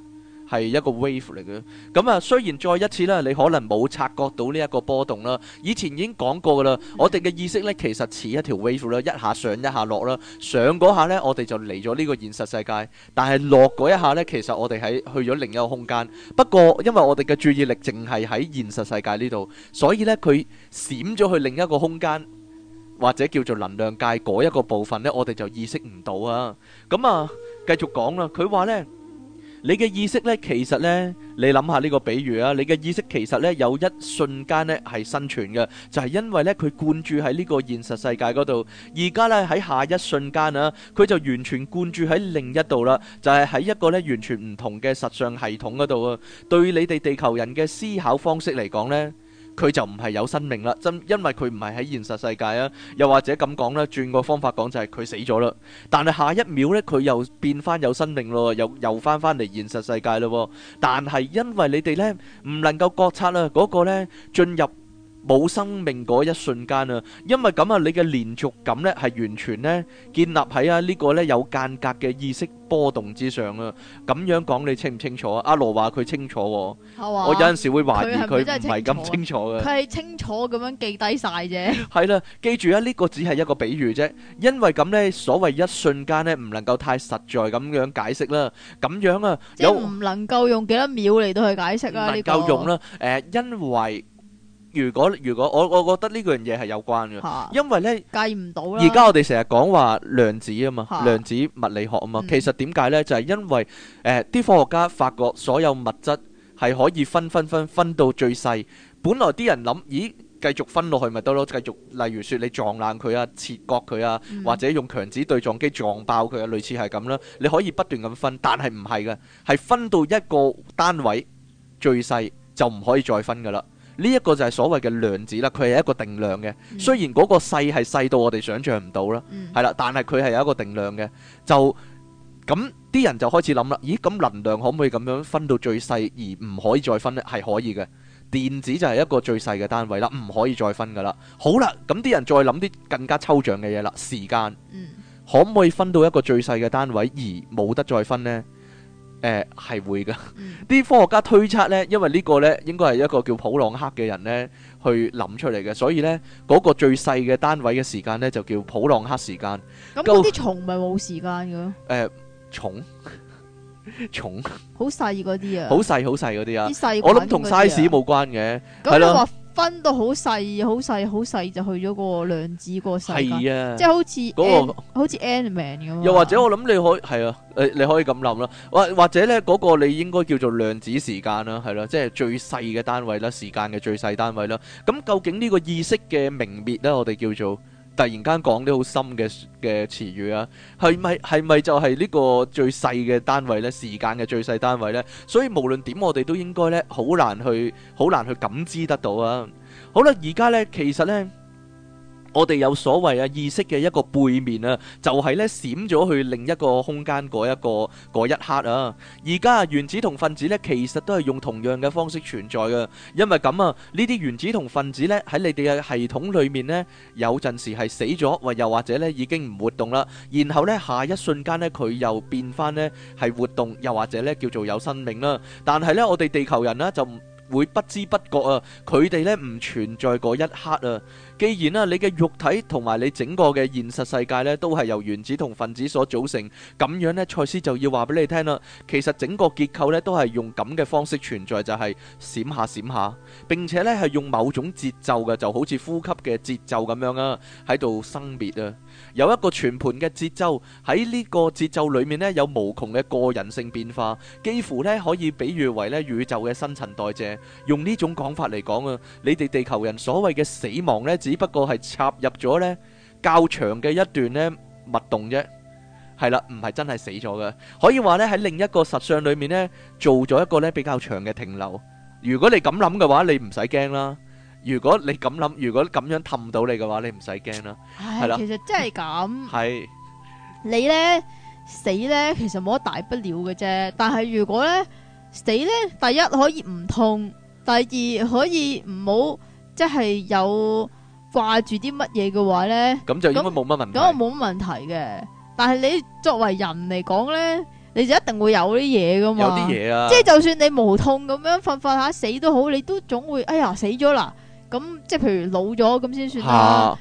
係一個 wave 嚟嘅，咁啊，雖然再一次咧，你可能冇察覺到呢一個波動啦。以前已經講過噶啦，我哋嘅意識呢，其實似一條 wave 啦，一下上一下落啦。上嗰下呢，我哋就嚟咗呢個現實世界，但係落嗰一下呢，其實我哋喺去咗另一個空間。不過因為我哋嘅注意力淨係喺現實世界呢度，所以呢，佢閃咗去另一個空間或者叫做能量界嗰一個部分呢，我哋就意識唔到啊。咁啊，繼續講啦，佢話呢。你嘅意識呢，其實呢，你諗下呢個比喻啊，你嘅意識其實呢，有一瞬間呢係生存嘅，就係因為呢，佢灌注喺呢個現實世界嗰度。而家呢，喺下一瞬間啊，佢就完全灌注喺另一度啦，就係喺一個呢完全唔同嘅實相系統嗰度啊。對你哋地球人嘅思考方式嚟講呢。佢就唔係有生命啦，真因為佢唔係喺現實世界啊，又或者咁講啦，轉個方法講就係佢死咗啦。但係下一秒呢，佢又變翻有生命咯，又又翻翻嚟現實世界咯。但係因為你哋呢，唔能夠覺察啊，嗰個呢進入。冇生命嗰一瞬間啊，因為咁啊，你嘅連續感咧係完全咧建立喺啊呢個咧有間隔嘅意識波動之上啊。咁樣講你清唔清楚啊？阿羅話佢清楚喎，我有陣時會懷疑佢唔係咁清楚嘅。佢係清楚咁樣記低晒啫。係啦，記住啊，呢個只係一個比喻啫。因為咁咧，所謂一瞬間咧，唔能夠太實在咁樣解釋啦。咁樣啊，即係唔能夠用幾多秒嚟到去解釋啊？唔能夠用啦。誒，因為。如果如果我我覺得呢樣嘢係有關嘅，哈因為咧計唔到啦。而家我哋成日講話量子啊嘛，量哈子物理學啊嘛，嗯、其實點解咧就係、是、因為誒啲、呃、科學家發覺所有物質係可以分分分分到最細，本來啲人諗，咦，繼續分落去咪得咯？繼續例如說你撞爛佢啊，切割佢啊，嗯、或者用強子對撞機撞爆佢啊，類似係咁啦。你可以不斷咁分，但係唔係嘅，係分到一個單位最細就唔可以再分嘅啦。呢一個就係所謂嘅量子啦，佢係一個定量嘅。雖然嗰個細係細到我哋想象唔到啦，係啦，但係佢係有一個定量嘅。就咁啲人就開始諗啦，咦？咁能量可唔可以咁樣分到最細而唔可以再分呢？係可以嘅。電子就係一個最細嘅單位啦，唔可以再分噶啦。好啦，咁啲人再諗啲更加抽象嘅嘢啦。時間可唔可以分到一個最細嘅單位而冇得再分呢？誒，係會噶，啲 [laughs] 科學家推測咧，因為呢個咧應該係一個叫普朗克嘅人咧去諗出嚟嘅，所以咧嗰個最細嘅單位嘅時間咧就叫普朗克時間。咁啲蟲咪冇時間嘅咯？誒、呃，蟲，蟲 [laughs] 重，好細嗰啲啊，好細好細嗰啲啊，我諗同 size 冇 [laughs] 關嘅，係咯。分到好細、好細、好細就去咗個量子、嗰個世界，的即係好似、嗰個，好似 Nman 咁。Man 樣，又或者我諗你可以係啊，你可以咁諗啦，或或者呢嗰個你應該叫做量子時間啦，係咯，即係最細嘅單位啦，時間嘅最細單位啦。咁究竟呢個意識嘅明滅呢？我哋叫做？突然間講啲好深嘅嘅詞語啊，係咪係咪就係呢個最細嘅單位呢？時間嘅最細單位呢？所以無論點我哋都應該呢，好難去好難去感知得到啊！好啦，而家呢，其實呢。我哋有所謂啊意識嘅一個背面啊，就係咧閃咗去另一個空間嗰一個一刻啊。而家原子同分子咧，其實都係用同樣嘅方式存在嘅。因為咁啊，呢啲原子同分子咧喺你哋嘅系統裏面咧，有陣時係死咗，或又或者咧已經唔活動啦。然後咧下一瞬間咧，佢又變翻咧係活動，又或者咧叫做有生命啦。但係咧，我哋地球人呢，就會不知不覺啊，佢哋咧唔存在嗰一刻啊。既然啦，你嘅肉體同埋你整個嘅現實世界咧，都係由原子同分子所組成，咁樣咧，賽斯就要話俾你聽啦。其實整個結構咧都係用咁嘅方式存在，就係閃下閃下，並且咧係用某種節奏嘅，就好似呼吸嘅節奏咁樣啊，喺度生滅啊，有一個全盤嘅節奏，喺呢個節奏裏面咧，有無窮嘅個人性變化，幾乎咧可以比喻為咧宇宙嘅新陳代謝。用呢種講法嚟講啊，你哋地球人所謂嘅死亡咧。只不過係插入咗咧較長嘅一段咧脈動啫，係啦，唔係真係死咗嘅。可以話咧喺另一個實相裏面咧做咗一個咧比較長嘅停留。如果你咁諗嘅話，你唔使驚啦。如果你咁諗，如果咁樣氹到你嘅話，你唔使驚啦。係啦，其實真係咁，係你咧死咧，其實冇乜大不了嘅啫。但係如果咧死咧，第一可以唔痛，第二可以唔好，即係有。掛住啲乜嘢嘅話咧，咁就應該冇乜問題。咁我冇乜問題嘅，但係你作為人嚟講咧，你就一定會有啲嘢㗎嘛。有啲嘢啊，即係就算你無痛咁樣瞓瞓下死都好，你都總會哎呀死咗啦。咁即係譬如老咗咁先算啦。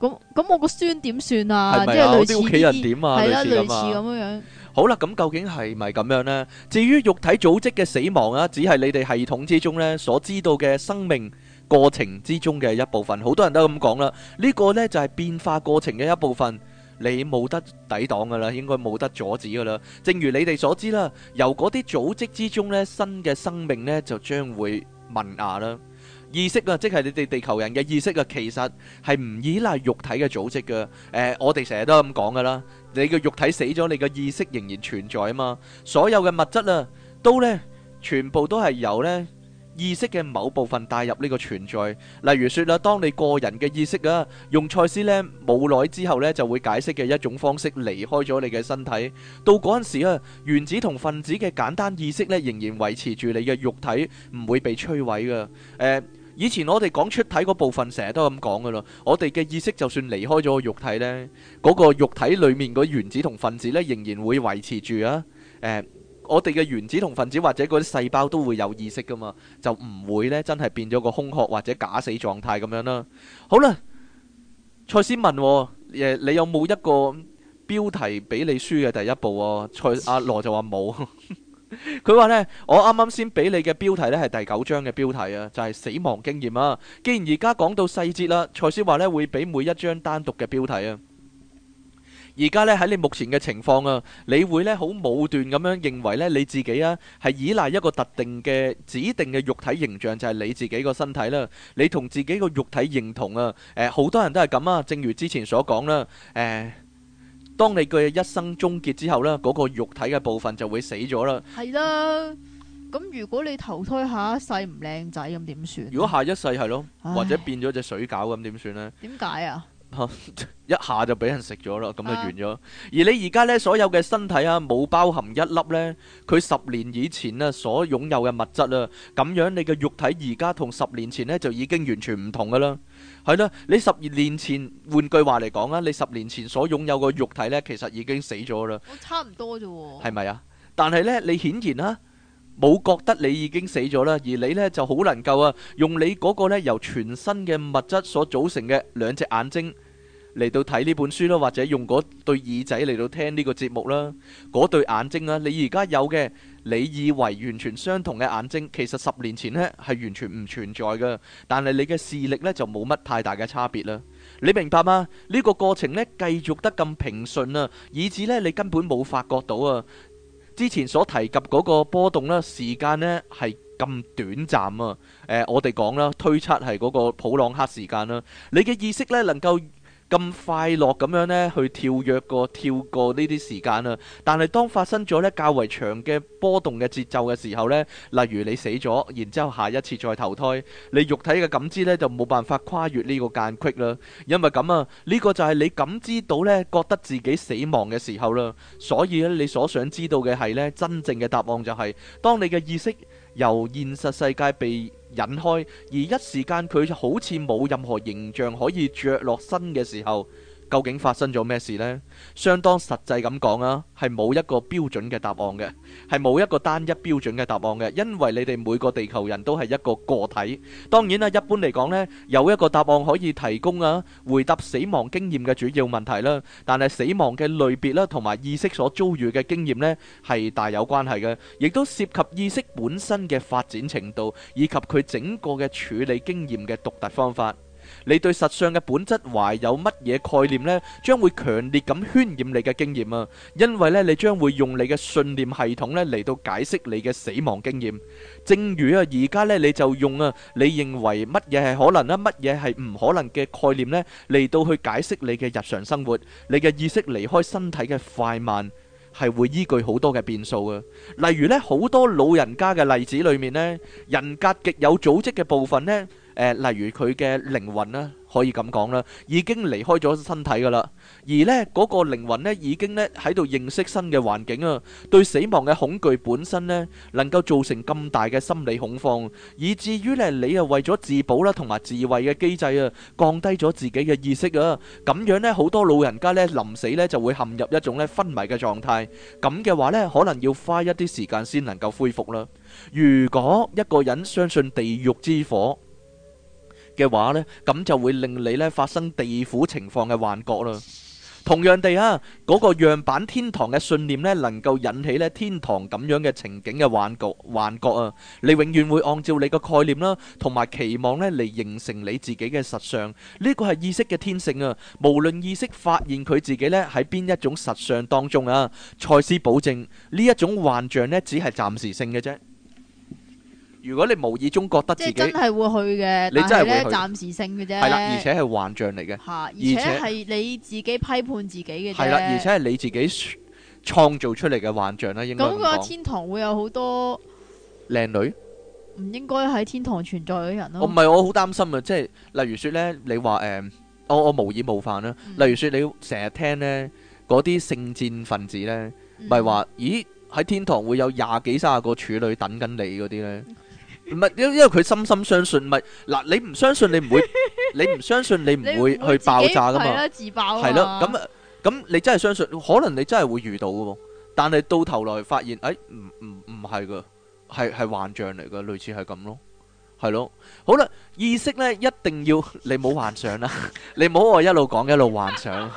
咁咁我個孫點算啊？即係類似啲屋企人點啊？係呀，類似咁樣。好啦，咁究竟係咪咁樣咧？至於肉體組織嘅死亡啊，只係你哋系統之中咧所知道嘅生命，過程之中嘅一部分，好多人都咁講啦。呢個咧就係變化過程嘅一部分，你冇得抵擋噶啦，應該冇得阻止噶啦。正如你哋所知啦，由嗰啲組織之中咧，新嘅生命咧就將會萌芽啦。意識啊，即係你哋地球人嘅意識啊，其實係唔依賴肉體嘅組織噶。誒,我哋成日都咁講噶啦，你嘅肉體死咗，你嘅意識仍然存在啊嘛。所有嘅物質啊，都咧全部都係由咧。意識嘅某部分帶入呢個存在，例如說啦，當你個人嘅意識啊，用賽斯咧冇耐之後咧，就會解釋嘅一種方式離開咗你嘅身體。到嗰陣時啊，原子同分子嘅簡單意識咧，仍然維持住你嘅肉體，唔會被摧毀噶。誒，以前我哋講出體嗰部分，成日都咁講噶啦。我哋嘅意識就算離開咗個肉體咧，嗰個肉體裡面嗰原子同分子咧，仍然會維持住啊。誒。我哋嘅原子同分子或者嗰啲細胞都會有意識㗎嘛，就唔會呢真係變咗個空殼或者假死狀態咁樣啦。好啦，蔡思問、哦，你有冇一個標題俾你書嘅第一部、哦？蔡阿、啊、羅就話冇，佢 [laughs] 話呢，我啱啱先俾你嘅標題呢係第九章嘅標題啊，就係、是、死亡經驗啊。既然而家講到細節啦，蔡思話呢會俾每一章單獨嘅標題啊。而家咧喺你目前嘅情況啊，你會咧好武斷咁樣認為咧你自己啊係依賴一個特定嘅指定嘅肉體形象就係你自己個身體啦。你同自己個肉體認同啊。誒好多人都係咁啊。正如之前所講啦。誒，當你嘅一生終結之後咧，嗰個肉體嘅部分就會死咗啦。係啦。咁如果你投胎下一世唔靚仔，咁點算？如果下一世係咯，或者變咗隻水餃咁，點算咧？點解啊？ [laughs] 一下就俾人食咗咯，咁就完咗。Uh, 而你而家呢所有嘅身體啊，冇包含一粒呢佢十年以前呢所擁啊所擁有嘅物質啦，咁樣你嘅肉體而家同十年前呢就已經完全唔同噶啦。係啦，你十二年前換句話嚟講啊，你十年前所擁有嘅肉體呢其實已經死咗啦。我差唔多啫，係咪啊？但係呢，你顯然啊。冇覺得你已經死咗啦，而你呢就好能夠啊，用你嗰個呢由全新嘅物質所組成嘅兩隻眼睛嚟到睇呢本書啦，或者用嗰對耳仔嚟到聽呢個節目啦。嗰對眼睛啊，你而家有嘅，你以為完全相同嘅眼睛，其實十年前呢係完全唔存在㗎，但係你嘅視力呢，就冇乜太大嘅差別啦。你明白嗎？呢個過程呢，繼續得咁平順啊，以至呢，你根本冇發覺到啊。之前所提及嗰個波動啦，時間咧係咁短暫啊！誒、呃，我哋講啦，推測係嗰個普朗克時間啦，你嘅意識咧能夠。咁快樂咁樣呢，去跳躍過，跳過呢啲時間啦。但係當發生咗呢較為長嘅波動嘅節奏嘅時候呢，例如你死咗，然之後下一次再投胎，你肉體嘅感知呢就冇辦法跨越呢個間隙啦。因為咁啊，呢個就係你感知到呢，覺得自己死亡嘅時候啦。所以咧，你所想知道嘅係呢，真正嘅答案就係，當你嘅意識。由現實世界被引開，而一時間，佢好似冇任何形象可以着落身嘅時候。究竟發生咗咩事呢？相當實際咁講啊，係冇一個標準嘅答案嘅，係冇一個單一標準嘅答案嘅，因為你哋每個地球人都係一個個體。當然啦，一般嚟講呢，有一個答案可以提供啊，回答死亡經驗嘅主要問題啦。但係死亡嘅類別啦，同埋意識所遭遇嘅經驗呢，係大有關係嘅，亦都涉及意識本身嘅發展程度，以及佢整個嘅處理經驗嘅獨特方法。你對實相嘅本質懷有乜嘢概念呢，將會強烈咁渲染，你嘅經驗啊！因為咧，你將會用你嘅信念系統咧嚟,到解釋你嘅死亡經驗。正如啊，而家咧你就用啊，你認為乜嘢係可能啦，乜嘢係唔可能嘅概念呢嚟到去解釋你嘅日常生活。你嘅意識離開身體嘅快慢係會依據好多嘅變數噶，例如呢，好多老人家嘅例子裏面呢，人格極有組織嘅部分呢。誒，例如佢嘅靈魂啦，可以咁講啦，已經離開咗身體噶啦。而咧嗰個靈魂咧，已經咧喺度認識新嘅環境啊。對死亡嘅恐懼本身咧，能夠造成咁大嘅心理恐慌，以至於咧你啊為咗自保啦，同埋自衛嘅機製啊，降低咗自己嘅意識啊。咁樣咧，好多老人家咧臨死咧就會陷入一種咧昏迷嘅狀態。咁嘅話咧，可能要花一啲時間先能夠恢復啦。如果一個人相信地獄之火，嘅話呢，咁就會令你呢發生地府情況嘅幻覺啦。同樣地啊，嗰個樣板天堂嘅信念呢，能夠引起呢天堂咁樣嘅情景嘅幻覺幻覺啊。你永遠會按照你個概念啦，同埋期望呢嚟，形成你自己嘅實相。呢個係意識嘅天性啊。無論意識發現佢自己呢喺邊一種實相當中啊，賽斯保證呢一種幻象呢，只係暫時性嘅啫。如果你無意中覺得自己真係會去嘅，你真係會去，暫時性嘅啫。係啦，而且係幻象嚟嘅。嚇！而且係你自己批判自己嘅啫。係啦，而且係你自己創造出嚟嘅幻象啦，應該講。咁個天堂會有好多靚女，唔應該喺天堂存在嘅人咯、我。唔係，我好擔心啊！即係例如說咧，你話誒，我我無意冒犯啦。例如說，你成日、嗯、聽咧嗰啲聖戰分子咧，咪話、嗯、咦喺天堂會有廿幾卅個處女等緊你嗰啲咧？唔係因因為佢深深相信，咪嗱你唔相信你唔會，你唔相信你唔會去爆炸噶嘛？係咯，咁啊，咁你真係相信，可能你真係會遇到噶，但係到頭來發現，誒唔唔唔係噶，係係幻象嚟噶，類似係咁咯，係咯。好啦，意識咧一定要你唔好幻想啦，你唔好我一路講一路幻想，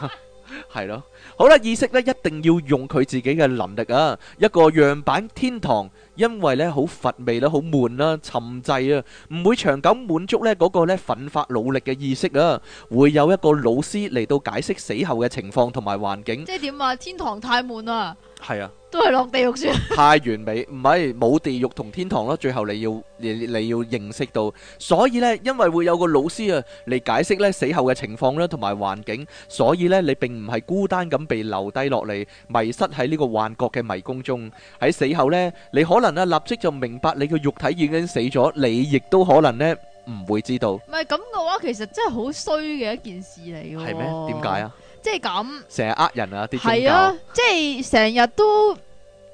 係咯。好啦，意識咧一定要用佢自己嘅能力啊，一個樣板天堂。因為咧好乏味啦，好悶啦，沉滯啊，唔會長久滿足咧嗰個咧奮發努力嘅意識啊，會有一個老師嚟到解釋死後嘅情況同埋環境。即係點啊？天堂太悶啊！係啊。都係落地獄算。太完美，唔係冇地獄同天堂咯。最後你要，你你要認識到。所以咧，因為會有個老師啊，嚟解釋咧死後嘅情況啦，同埋環境。所以咧，你並唔係孤單咁被留低落嚟，迷失喺呢個幻覺嘅迷宮中。喺死後咧，你可能啊立即就明白你個肉體已經死咗，你亦都可能咧唔會知道。唔係咁嘅話，其實真係好衰嘅一件事嚟喎。係咩？點解啊？即係咁，成日呃人啊，啲宗教，即係成日都誒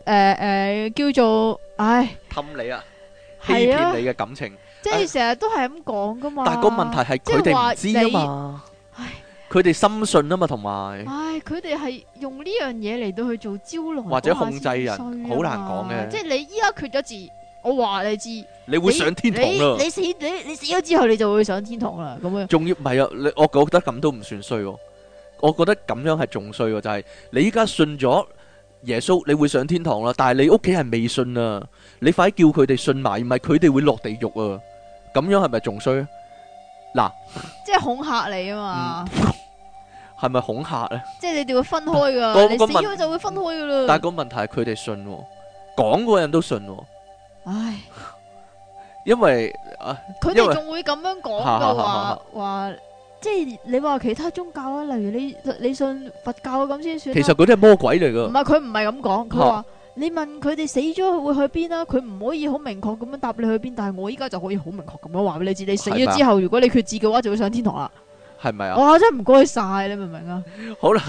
誒叫做，唉，氹你啊，欺騙你嘅感情，即係成日都係咁講噶嘛。但係個問題係佢哋唔知啊嘛，佢哋深信啊嘛，同埋，唉，佢哋係用呢樣嘢，嚟到去做招來或者控制人，好難講嘅。即係你依家缺咗字，我話你知，你會上天堂，你你你死你你死咗之後你就會上天堂啦，咁樣。仲要唔係啊？你我覺得咁都唔算衰。我覺得咁樣係仲衰喎，就係你依家信咗耶穌，你會上天堂啦。但係你屋企係未信啊，你快叫佢哋信埋，唔係佢哋會落地獄啊。咁樣係咪仲衰？嗱，即係恐吓你啊嘛，係咪恐吓咧？即係你哋會分開噶，你死咗就會分開噶啦。但係個問題係佢哋信，講嗰人都信。唉，因為佢哋仲會咁樣講嘅話話。即係你話其他宗教啊，例如你你信佛教啊咁先算。其實嗰啲係魔鬼嚟噶。唔係，佢唔係咁講，佢話、啊、你問佢哋死咗會去邊啊？佢唔可以好明確咁樣答你去邊。但係我依家就可以好明確咁樣話俾你知，你死咗之後，嗎如果你決志嘅話，就會上天堂啦。係咪啊？哇！真係唔該晒，你明唔明啊？ [laughs] 好啦，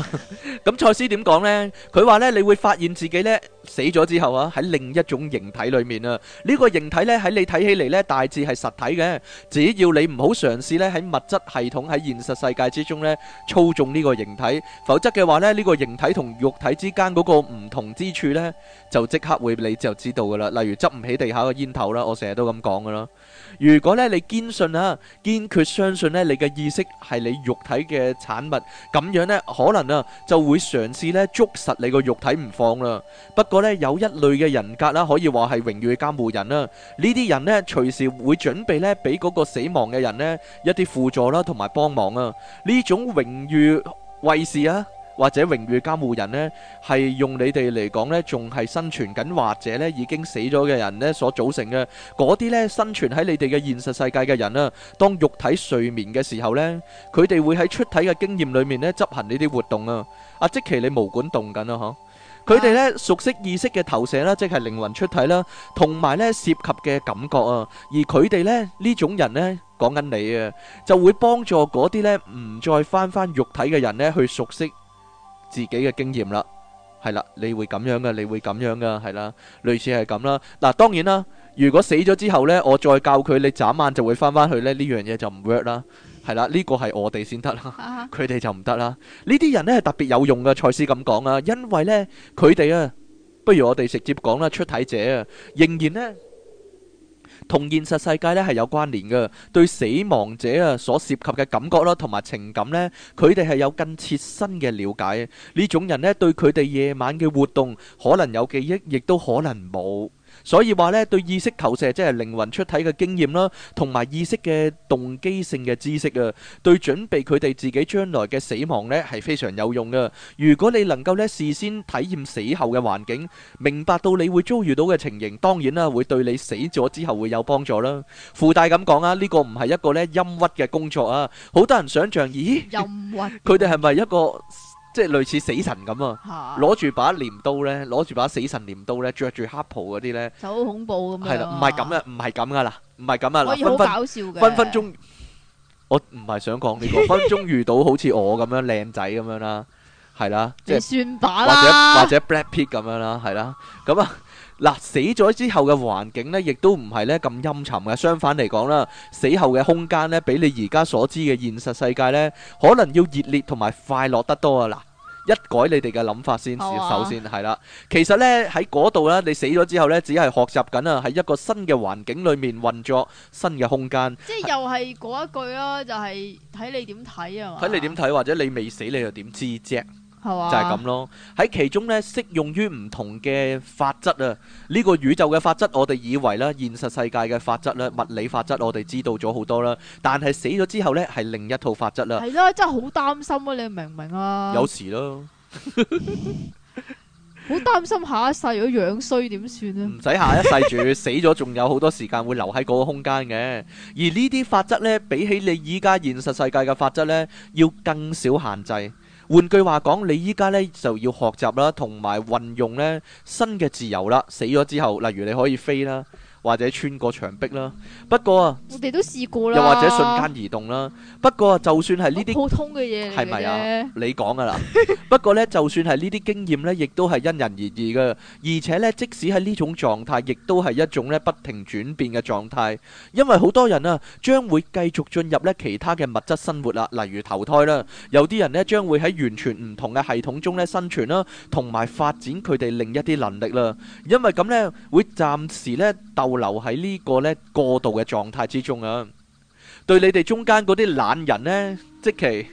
咁、嗯、賽斯點講咧？佢話咧，你會發現自己咧。死咗之後啊，喺另一種形體裏面啊，呢個形體呢喺你睇起嚟呢大致係實體嘅，只要你唔好嘗試呢喺物質系統喺現實世界之中呢操縱呢個形體，否則嘅話呢呢個形體同肉體之間嗰個唔同之處呢就即刻會你就知道噶啦，例如執唔起地下嘅煙頭啦，我成日都咁講噶啦。如果呢你堅信啊，堅決相信呢你嘅意識係你肉體嘅產物，咁樣呢可能啊就會嘗試呢捉實你個肉體唔放啦，不。個咧有一類嘅人格啦，可以話係榮譽監護人啦。呢啲人咧隨時會準備咧，俾嗰個死亡嘅人咧一啲輔助啦，同埋幫忙啊。呢種榮譽衛士啊，或者榮譽監護人咧，係用你哋嚟講咧，仲係生存緊或者咧已經死咗嘅人咧所組成嘅。嗰啲咧生存喺你哋嘅現實世界嘅人啦，當肉體睡眠嘅時候咧，佢哋會喺出體嘅經驗裏面咧執行呢啲活動啊。阿即其你無管動緊啊，吓！佢哋咧熟悉意識嘅投射啦，即係靈魂出體啦，同埋咧涉及嘅感覺啊。而佢哋咧呢種人咧講緊你啊，就會幫助嗰啲咧唔再翻翻肉體嘅人咧去熟悉自己嘅經驗啦。係啦，你會咁樣噶，你會咁樣噶，係啦，類似係咁啦。嗱，當然啦，如果死咗之後咧，我再教佢，你眨眼就會翻翻去咧，呢樣嘢就唔 work 啦。係啦，呢個係我哋先得啦，佢哋就唔得啦。呢啲人呢係特別有用嘅，蔡司咁講啦，因為呢，佢哋啊，不如我哋直接講啦，出體者啊，仍然呢，同現實世界呢係有關聯噶，對死亡者啊所涉及嘅感覺啦、啊，同埋情感呢，佢哋係有更切身嘅了解。呢種人呢，對佢哋夜晚嘅活動可能有記憶，亦都可能冇。所以話咧，對意識投射即係靈魂出體嘅經驗啦，同埋意識嘅動機性嘅知識啊，對準備佢哋自己將來嘅死亡咧係非常有用㗎。如果你能夠咧事先體驗死後嘅環境，明白到你會遭遇到嘅情形，當然啦，會對你死咗之後會有幫助啦。附帶咁講啊，呢個唔係一個咧陰鬱嘅工作啊，好多人想象，咦，陰鬱，佢哋係咪一個？即係類似死神咁啊！攞住把鐮刀咧，攞住把死神鐮刀咧，着住黑袍嗰啲咧，就好恐怖咁樣。係啦，唔係咁啊，唔係咁噶啦，唔係咁啊。可以好搞笑嘅。分分鐘， [laughs] 我唔係想講呢、呢個。分分鐘遇到好似我咁樣靚 [laughs] 仔咁樣啦，係啦，即係或者或者 Black Pit 咁樣啦，係啦，咁、嗯、啊。 [laughs] 嗱，死咗之後嘅環境呢，亦都唔係呢咁陰沉嘅，相反嚟講啦，死後嘅空間呢，比你而家所知嘅現實世界呢，可能要熱烈同埋快樂得多啊！嗱，一改你哋嘅諗法先，啊、首先係啦，其實呢，喺嗰度呢，你死咗之後呢，只係學習緊啊，喺一個新嘅環境裡面運作，新嘅空間。即係又係嗰一句囉，就係、是、睇你點睇啊，睇你點睇，或者你未死你就，你又點知啫？就係咁咯，喺其中咧，適用於唔同嘅法則啊！呢個宇宙嘅法則，我哋以為啦，現實世界嘅法則啦，物理法則我哋知道咗好多啦。但係死咗之後咧，係另一套法則啦。係啦，真係好擔心啊！你明唔明啊？有時咯，好擔 [laughs] [laughs] 心下一世如果樣衰點算啊？唔使下一世住，死咗仲有好多時間會留喺嗰個空間嘅。而呢啲法則咧，比起你依家現實世界嘅法則咧，要更少限制。換句話講，你依家咧就要學習啦，同埋運用咧新嘅自由啦。死咗之後，例如你可以飛啦。或者穿過牆壁啦，不過啊，我哋都試過啦，又或者瞬間移動啦，不過啊，就算係呢啲普通嘅嘢，係咪啊？你講㗎啦，不過呢，就算係呢啲經驗呢，亦都係因人而異㗎。而且呢，即使喺呢種狀態，亦都係一種呢不停轉變嘅狀態，因為好多人啊，將會繼續進入呢其他嘅物質生活啦，例如投胎啦，有啲人呢將會喺完全唔同嘅系統中呢生存啦，同埋發展佢哋另一啲能力啦。因為咁呢，會暫時呢斗。留喺呢個呢過渡嘅狀態之中啊，對你哋中間嗰啲懶人呢，即其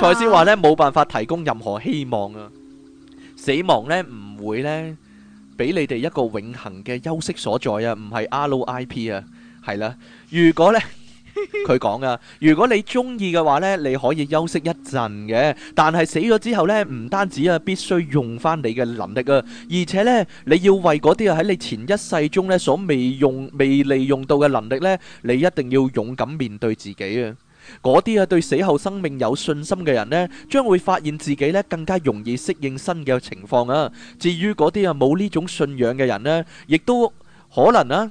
賽斯話呢冇辦法提供任何希望啊，死亡呢唔會呢俾你哋一個永恆嘅休息所在啊，唔係 ROIP 啊，係啦，如果呢。佢講㗎，如果你中意嘅話呢，你可以休息一陣嘅。但係死咗之後呢，唔單止啊，必須用翻你嘅能力啊，而且呢，你要為嗰啲啊喺你前一世中呢所未用未利用到嘅能力呢，你一定要勇敢面對自己啊。嗰啲啊對死後生命有信心嘅人呢，將會發現自己呢更加容易適應新嘅情況啊。至於嗰啲啊冇呢種信仰嘅人呢，亦都可能啊。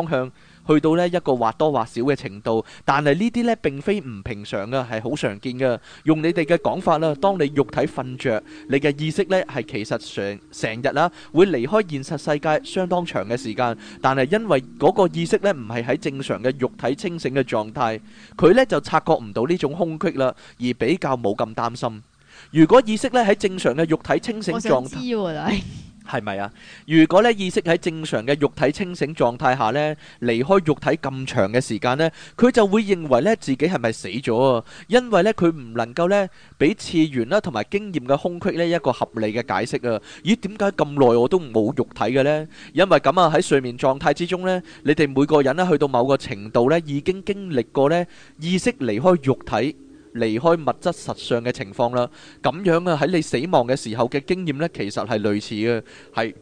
方向去到呢一個或多或少嘅程度，但係呢啲呢並非唔平常嘅，係好常見嘅。用你哋嘅講法啦，當你肉體瞓著，你嘅意識呢係其實成成日啦，會離開現實世界相當長嘅時間。但係因為嗰個意識呢唔係喺正常嘅肉體清醒嘅狀態，佢呢就察覺唔到呢種空隙啦，而比較冇咁擔心。如果意識呢喺正常嘅肉體清醒狀態。係咪啊？如果咧意識喺正常嘅肉體清醒狀態下咧，離開肉體咁長嘅時間咧，佢就會認為咧自己係咪死咗啊？因為咧佢唔能夠咧俾次元啦同埋經驗嘅空隙咧一個合理嘅解釋啊！咦，點解咁耐我都冇肉體嘅呢？因為咁啊，喺睡眠狀態之中咧，你哋每個人咧去到某個程度咧，已經經歷過咧意識離開肉體。離開物質實相嘅情況啦，咁樣啊喺你死亡嘅時候嘅經驗呢，其實係類似嘅，係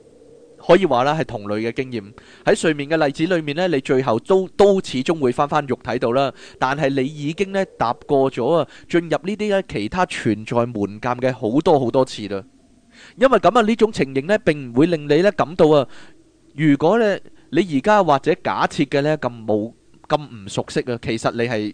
可以話啦係同類嘅經驗。喺睡眠嘅例子裏面呢，你最後都都始終會翻翻肉體度啦，但係你已經呢，踏過咗啊，進入呢啲咧其他存在門檻嘅好多好多次啦。因為咁啊，呢種情形呢，並唔會令你呢感到啊。如果呢，你而家或者假設嘅呢，咁冇咁唔熟悉啊，其實你係。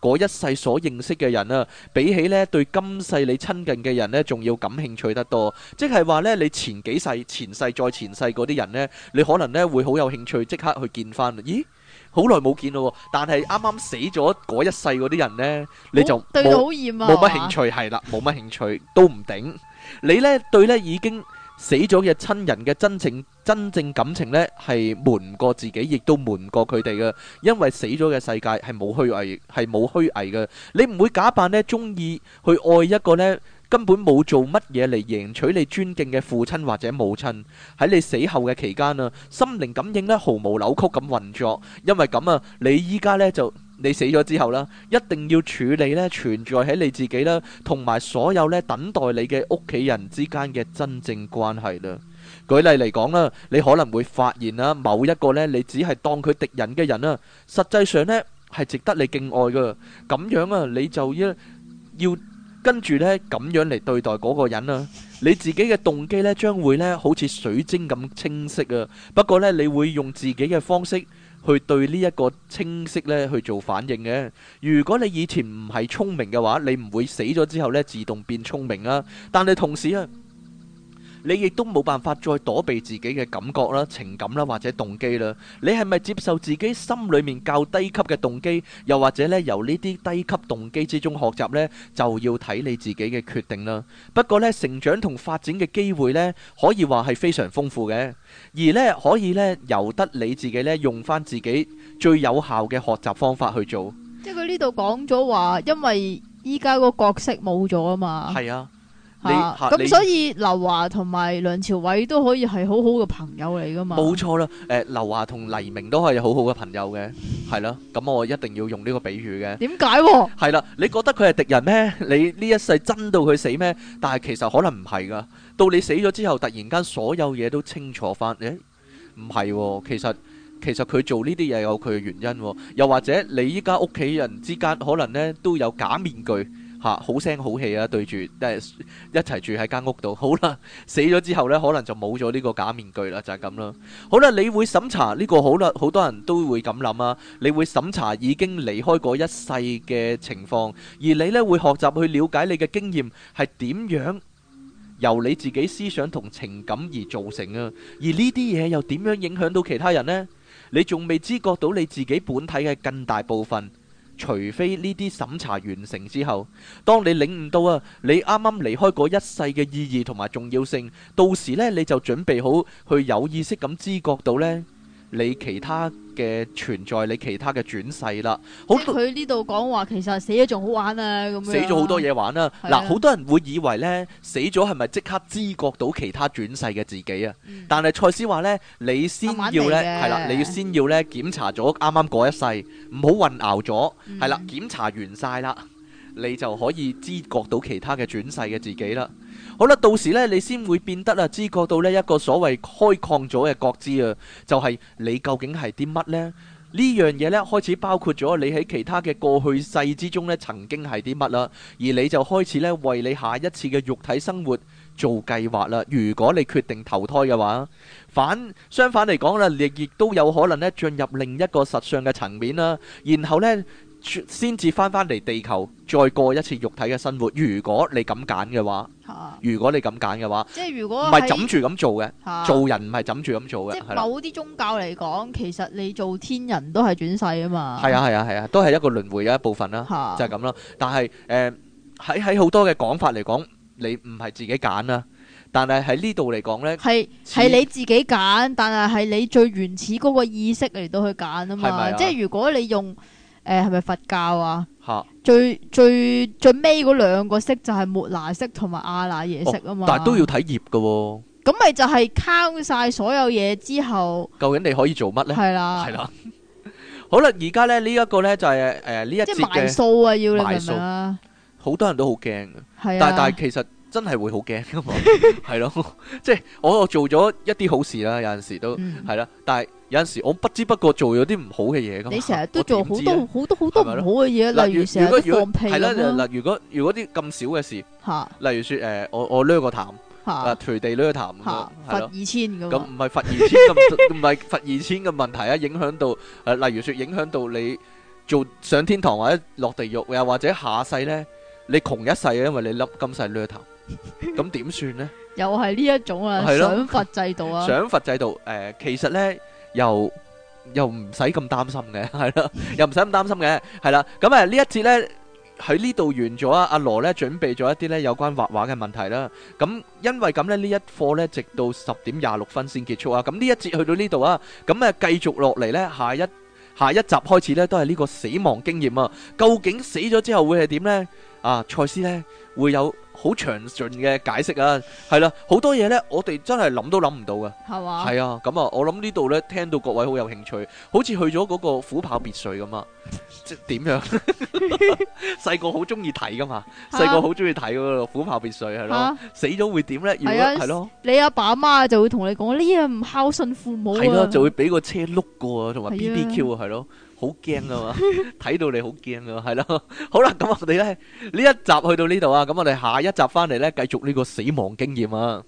嗰一世所認識嘅人啊，比起咧對今世你親近嘅人咧，仲要感興趣得多。即係話咧，你前幾世、前世再前世嗰啲人咧，你可能咧會好有興趣，即刻去見返。咦，好耐冇見咯，但係啱啱死咗嗰一世嗰啲人咧，你就對佢好厭啊，冇乜興趣，係啦， [laughs] 冇乜興趣都唔頂。你咧對咧已經。死咗嘅親人嘅真情真正感情呢，係瞞唔過自己，亦都瞞唔過佢哋嘅。因為死咗嘅世界係冇虛偽，係冇虛偽嘅。你唔會假扮呢，中意去愛一個呢，根本冇做乜嘢嚟贏取你尊敬嘅父親或者母親。喺你死後嘅期間啊，心靈感應呢，毫無扭曲咁運作。因為咁啊，你依家呢就。你死咗之後啦，一定要處理咧存在喺你自己啦，同埋所有咧等待你嘅屋企人之間嘅真正關係啦。舉例嚟講啦，你可能會發現啦，某一個咧你只係當佢敵人嘅人啦，實際上呢係值得你敬愛噶。咁樣啊，你就要，要跟住咧咁樣嚟對待嗰個人啊。你自己嘅動機咧將會咧好似水晶咁清晰啊。不過咧，你會用自己嘅方式。去對呢一個清晰呢去做反應嘅。如果你以前唔係聰明嘅話，你唔會死咗之後呢自動變聰明啊。但係同時啊。你亦都冇辦法再躲避自己嘅感覺啦、情感啦或者動機啦。你係咪接受自己心裏面較低級嘅動機，又或者咧由呢啲低級動機之中學習呢，就要睇你自己嘅決定啦。不過呢，成長同發展嘅機會呢，可以話係非常豐富嘅，而呢可以呢由得你自己呢用返自己最有效嘅學習方法去做。即係佢呢度講咗話，因為依家個角色冇咗啊嘛。係啊。咁、啊、所以劉華同埋梁朝偉都可以係好好嘅朋友嚟噶嘛？冇錯啦，誒劉華同黎明都係好好嘅朋友嘅，係咯。咁我一定要用呢個比喻嘅。點解？係啦，你覺得佢係敵人咩？你呢一世爭到佢死咩？但係其實可能唔係噶，到你死咗之後，突然間所有嘢都清楚翻。誒、欸，唔係，其實其實佢做呢啲嘢有佢嘅原因。又或者你依家屋企人之間可能咧都有假面具。吓、啊、好聲好氣啊，對住誒一齊住喺間屋度，好啦，死咗之後呢，可能就冇咗呢個假面具啦，就係、是、咁啦。好啦，你會審查呢、這個好啦，好多人都會咁諗啊。你會審查已經離開過一世嘅情況，而你呢，會學習去了解你嘅經驗係點樣，由你自己思想同情感而造成啊。而呢啲嘢又點樣影響到其他人呢？你仲未知覺到你自己本體嘅更大部分。除非呢啲審查完成之後，當你領悟到啊，你啱啱離開嗰一世嘅意義同埋重要性，到時呢你就準備好去有意識咁知覺到呢。你其他嘅存在，你其他嘅轉世啦。好，佢呢度講話其實死咗仲好玩啊，咁樣。死咗好多嘢玩的啦。嗱，好多人會以為呢，死咗係咪即刻知覺到其他轉世嘅自己啊？嗯、但係賽斯話呢，你先要呢，係啦，你要先要呢檢查咗啱啱嗰一世，唔好混淆咗。係啦、嗯，檢查完晒啦，你就可以知覺到其他嘅轉世嘅自己啦。好啦，到時呢，你先會變得啊，知覺到呢一個所謂開擴咗嘅覺知啊，就係你究竟係啲乜呢？呢樣嘢呢，開始包括咗你喺其他嘅過去世之中呢曾經係啲乜啦，而你就開始呢，為你下一次嘅肉體生活做計劃啦。如果你決定投胎嘅話，反相反嚟講啦，亦亦都有可能呢，進入另一個實相嘅層面啦，然後呢，先至翻翻嚟地球，再過一次肉體嘅生活。如果你咁揀嘅話，如果你咁揀嘅話，即係如果唔係枕住咁做嘅，做人唔係枕住咁做嘅。即係某啲宗教嚟講，其實你做天人都係轉世啊嘛。係啊係啊係啊，都係一個輪迴嘅一部分啦，就係咁啦。但係誒，喺喺好多嘅講法嚟講，你唔係自己揀啊。但係喺呢度嚟講咧，係係你自己揀，但係係你最原始嗰個意識嚟到去揀啊嘛。係咪？即係如果你用。誒，係咪佛教啊？吓，最最最尾嗰兩個色就係末那識同埋阿賴耶識啊嘛。但係都要睇業噶。咁咪就係敲晒所有嘢之後，究竟你可以做乜咧？係啦，係啦。好啦，而家咧呢一個咧就係誒呢一節賣數啊，要你數啊，好多人都好驚嘅。係啊，但係其實真係會好驚噶嘛？係咯，即係我做咗一啲好事啦，有陣時都係啦，但係。有陣時我不知不覺做咗啲唔好嘅嘢，你成日都做好多好多好多唔好嘅嘢，例如成日放屁咯。係啦，嗱，如果如果啲咁少嘅事，例如說誒，我我掠個痰，啊，隨地掠個痰咁樣，係咯，罰二千咁。咁唔係罰二千，唔係罰二千嘅問題啊，影響到誒，例如說影響到你做上天堂或者落地獄，又或者下世咧，你窮一世啊，因為你粒咁細掠痰，咁點算咧？又係呢一種啊，賞罰制度啊，賞罰制度誒，其實咧。又 [laughs] 又唔使咁擔心嘅，係 [laughs] 咯，嗯，又唔使咁擔心嘅，係啦。咁啊呢一節呢，喺、啊、呢度完咗啊，阿羅呢準備咗一啲呢有關畫畫嘅問題啦。咁、嗯、因為咁呢呢一課呢，直到十點廿六分先結束啊。咁、嗯、呢一節去到呢度啊，咁啊繼續落嚟呢。下一下一集開始呢，都係呢個死亡經驗啊。究竟死咗之後會係點呢？啊，賽斯咧會有好詳盡嘅解釋啊，係啦，好多嘢咧，我哋真係諗都諗唔到噶，係嘛，係啊，咁啊，我諗呢度咧，聽到各位好有興趣，好似去咗嗰個虎豹別墅咁啊，即係點樣？細個好中意睇噶嘛，細個好中意睇嗰個虎豹別墅，係咯，死咗會點咧？如果，係咯，你阿爸阿媽就會同你講呢樣唔孝順父母啊，就會俾個車碌過同埋 B B Q 啊，係咯。好驚啊嘛，睇到你好驚啊，係咯，好啦，咁我哋咧呢一集去到呢度啊，咁我哋下一集翻嚟咧，繼續呢個死亡經驗啊。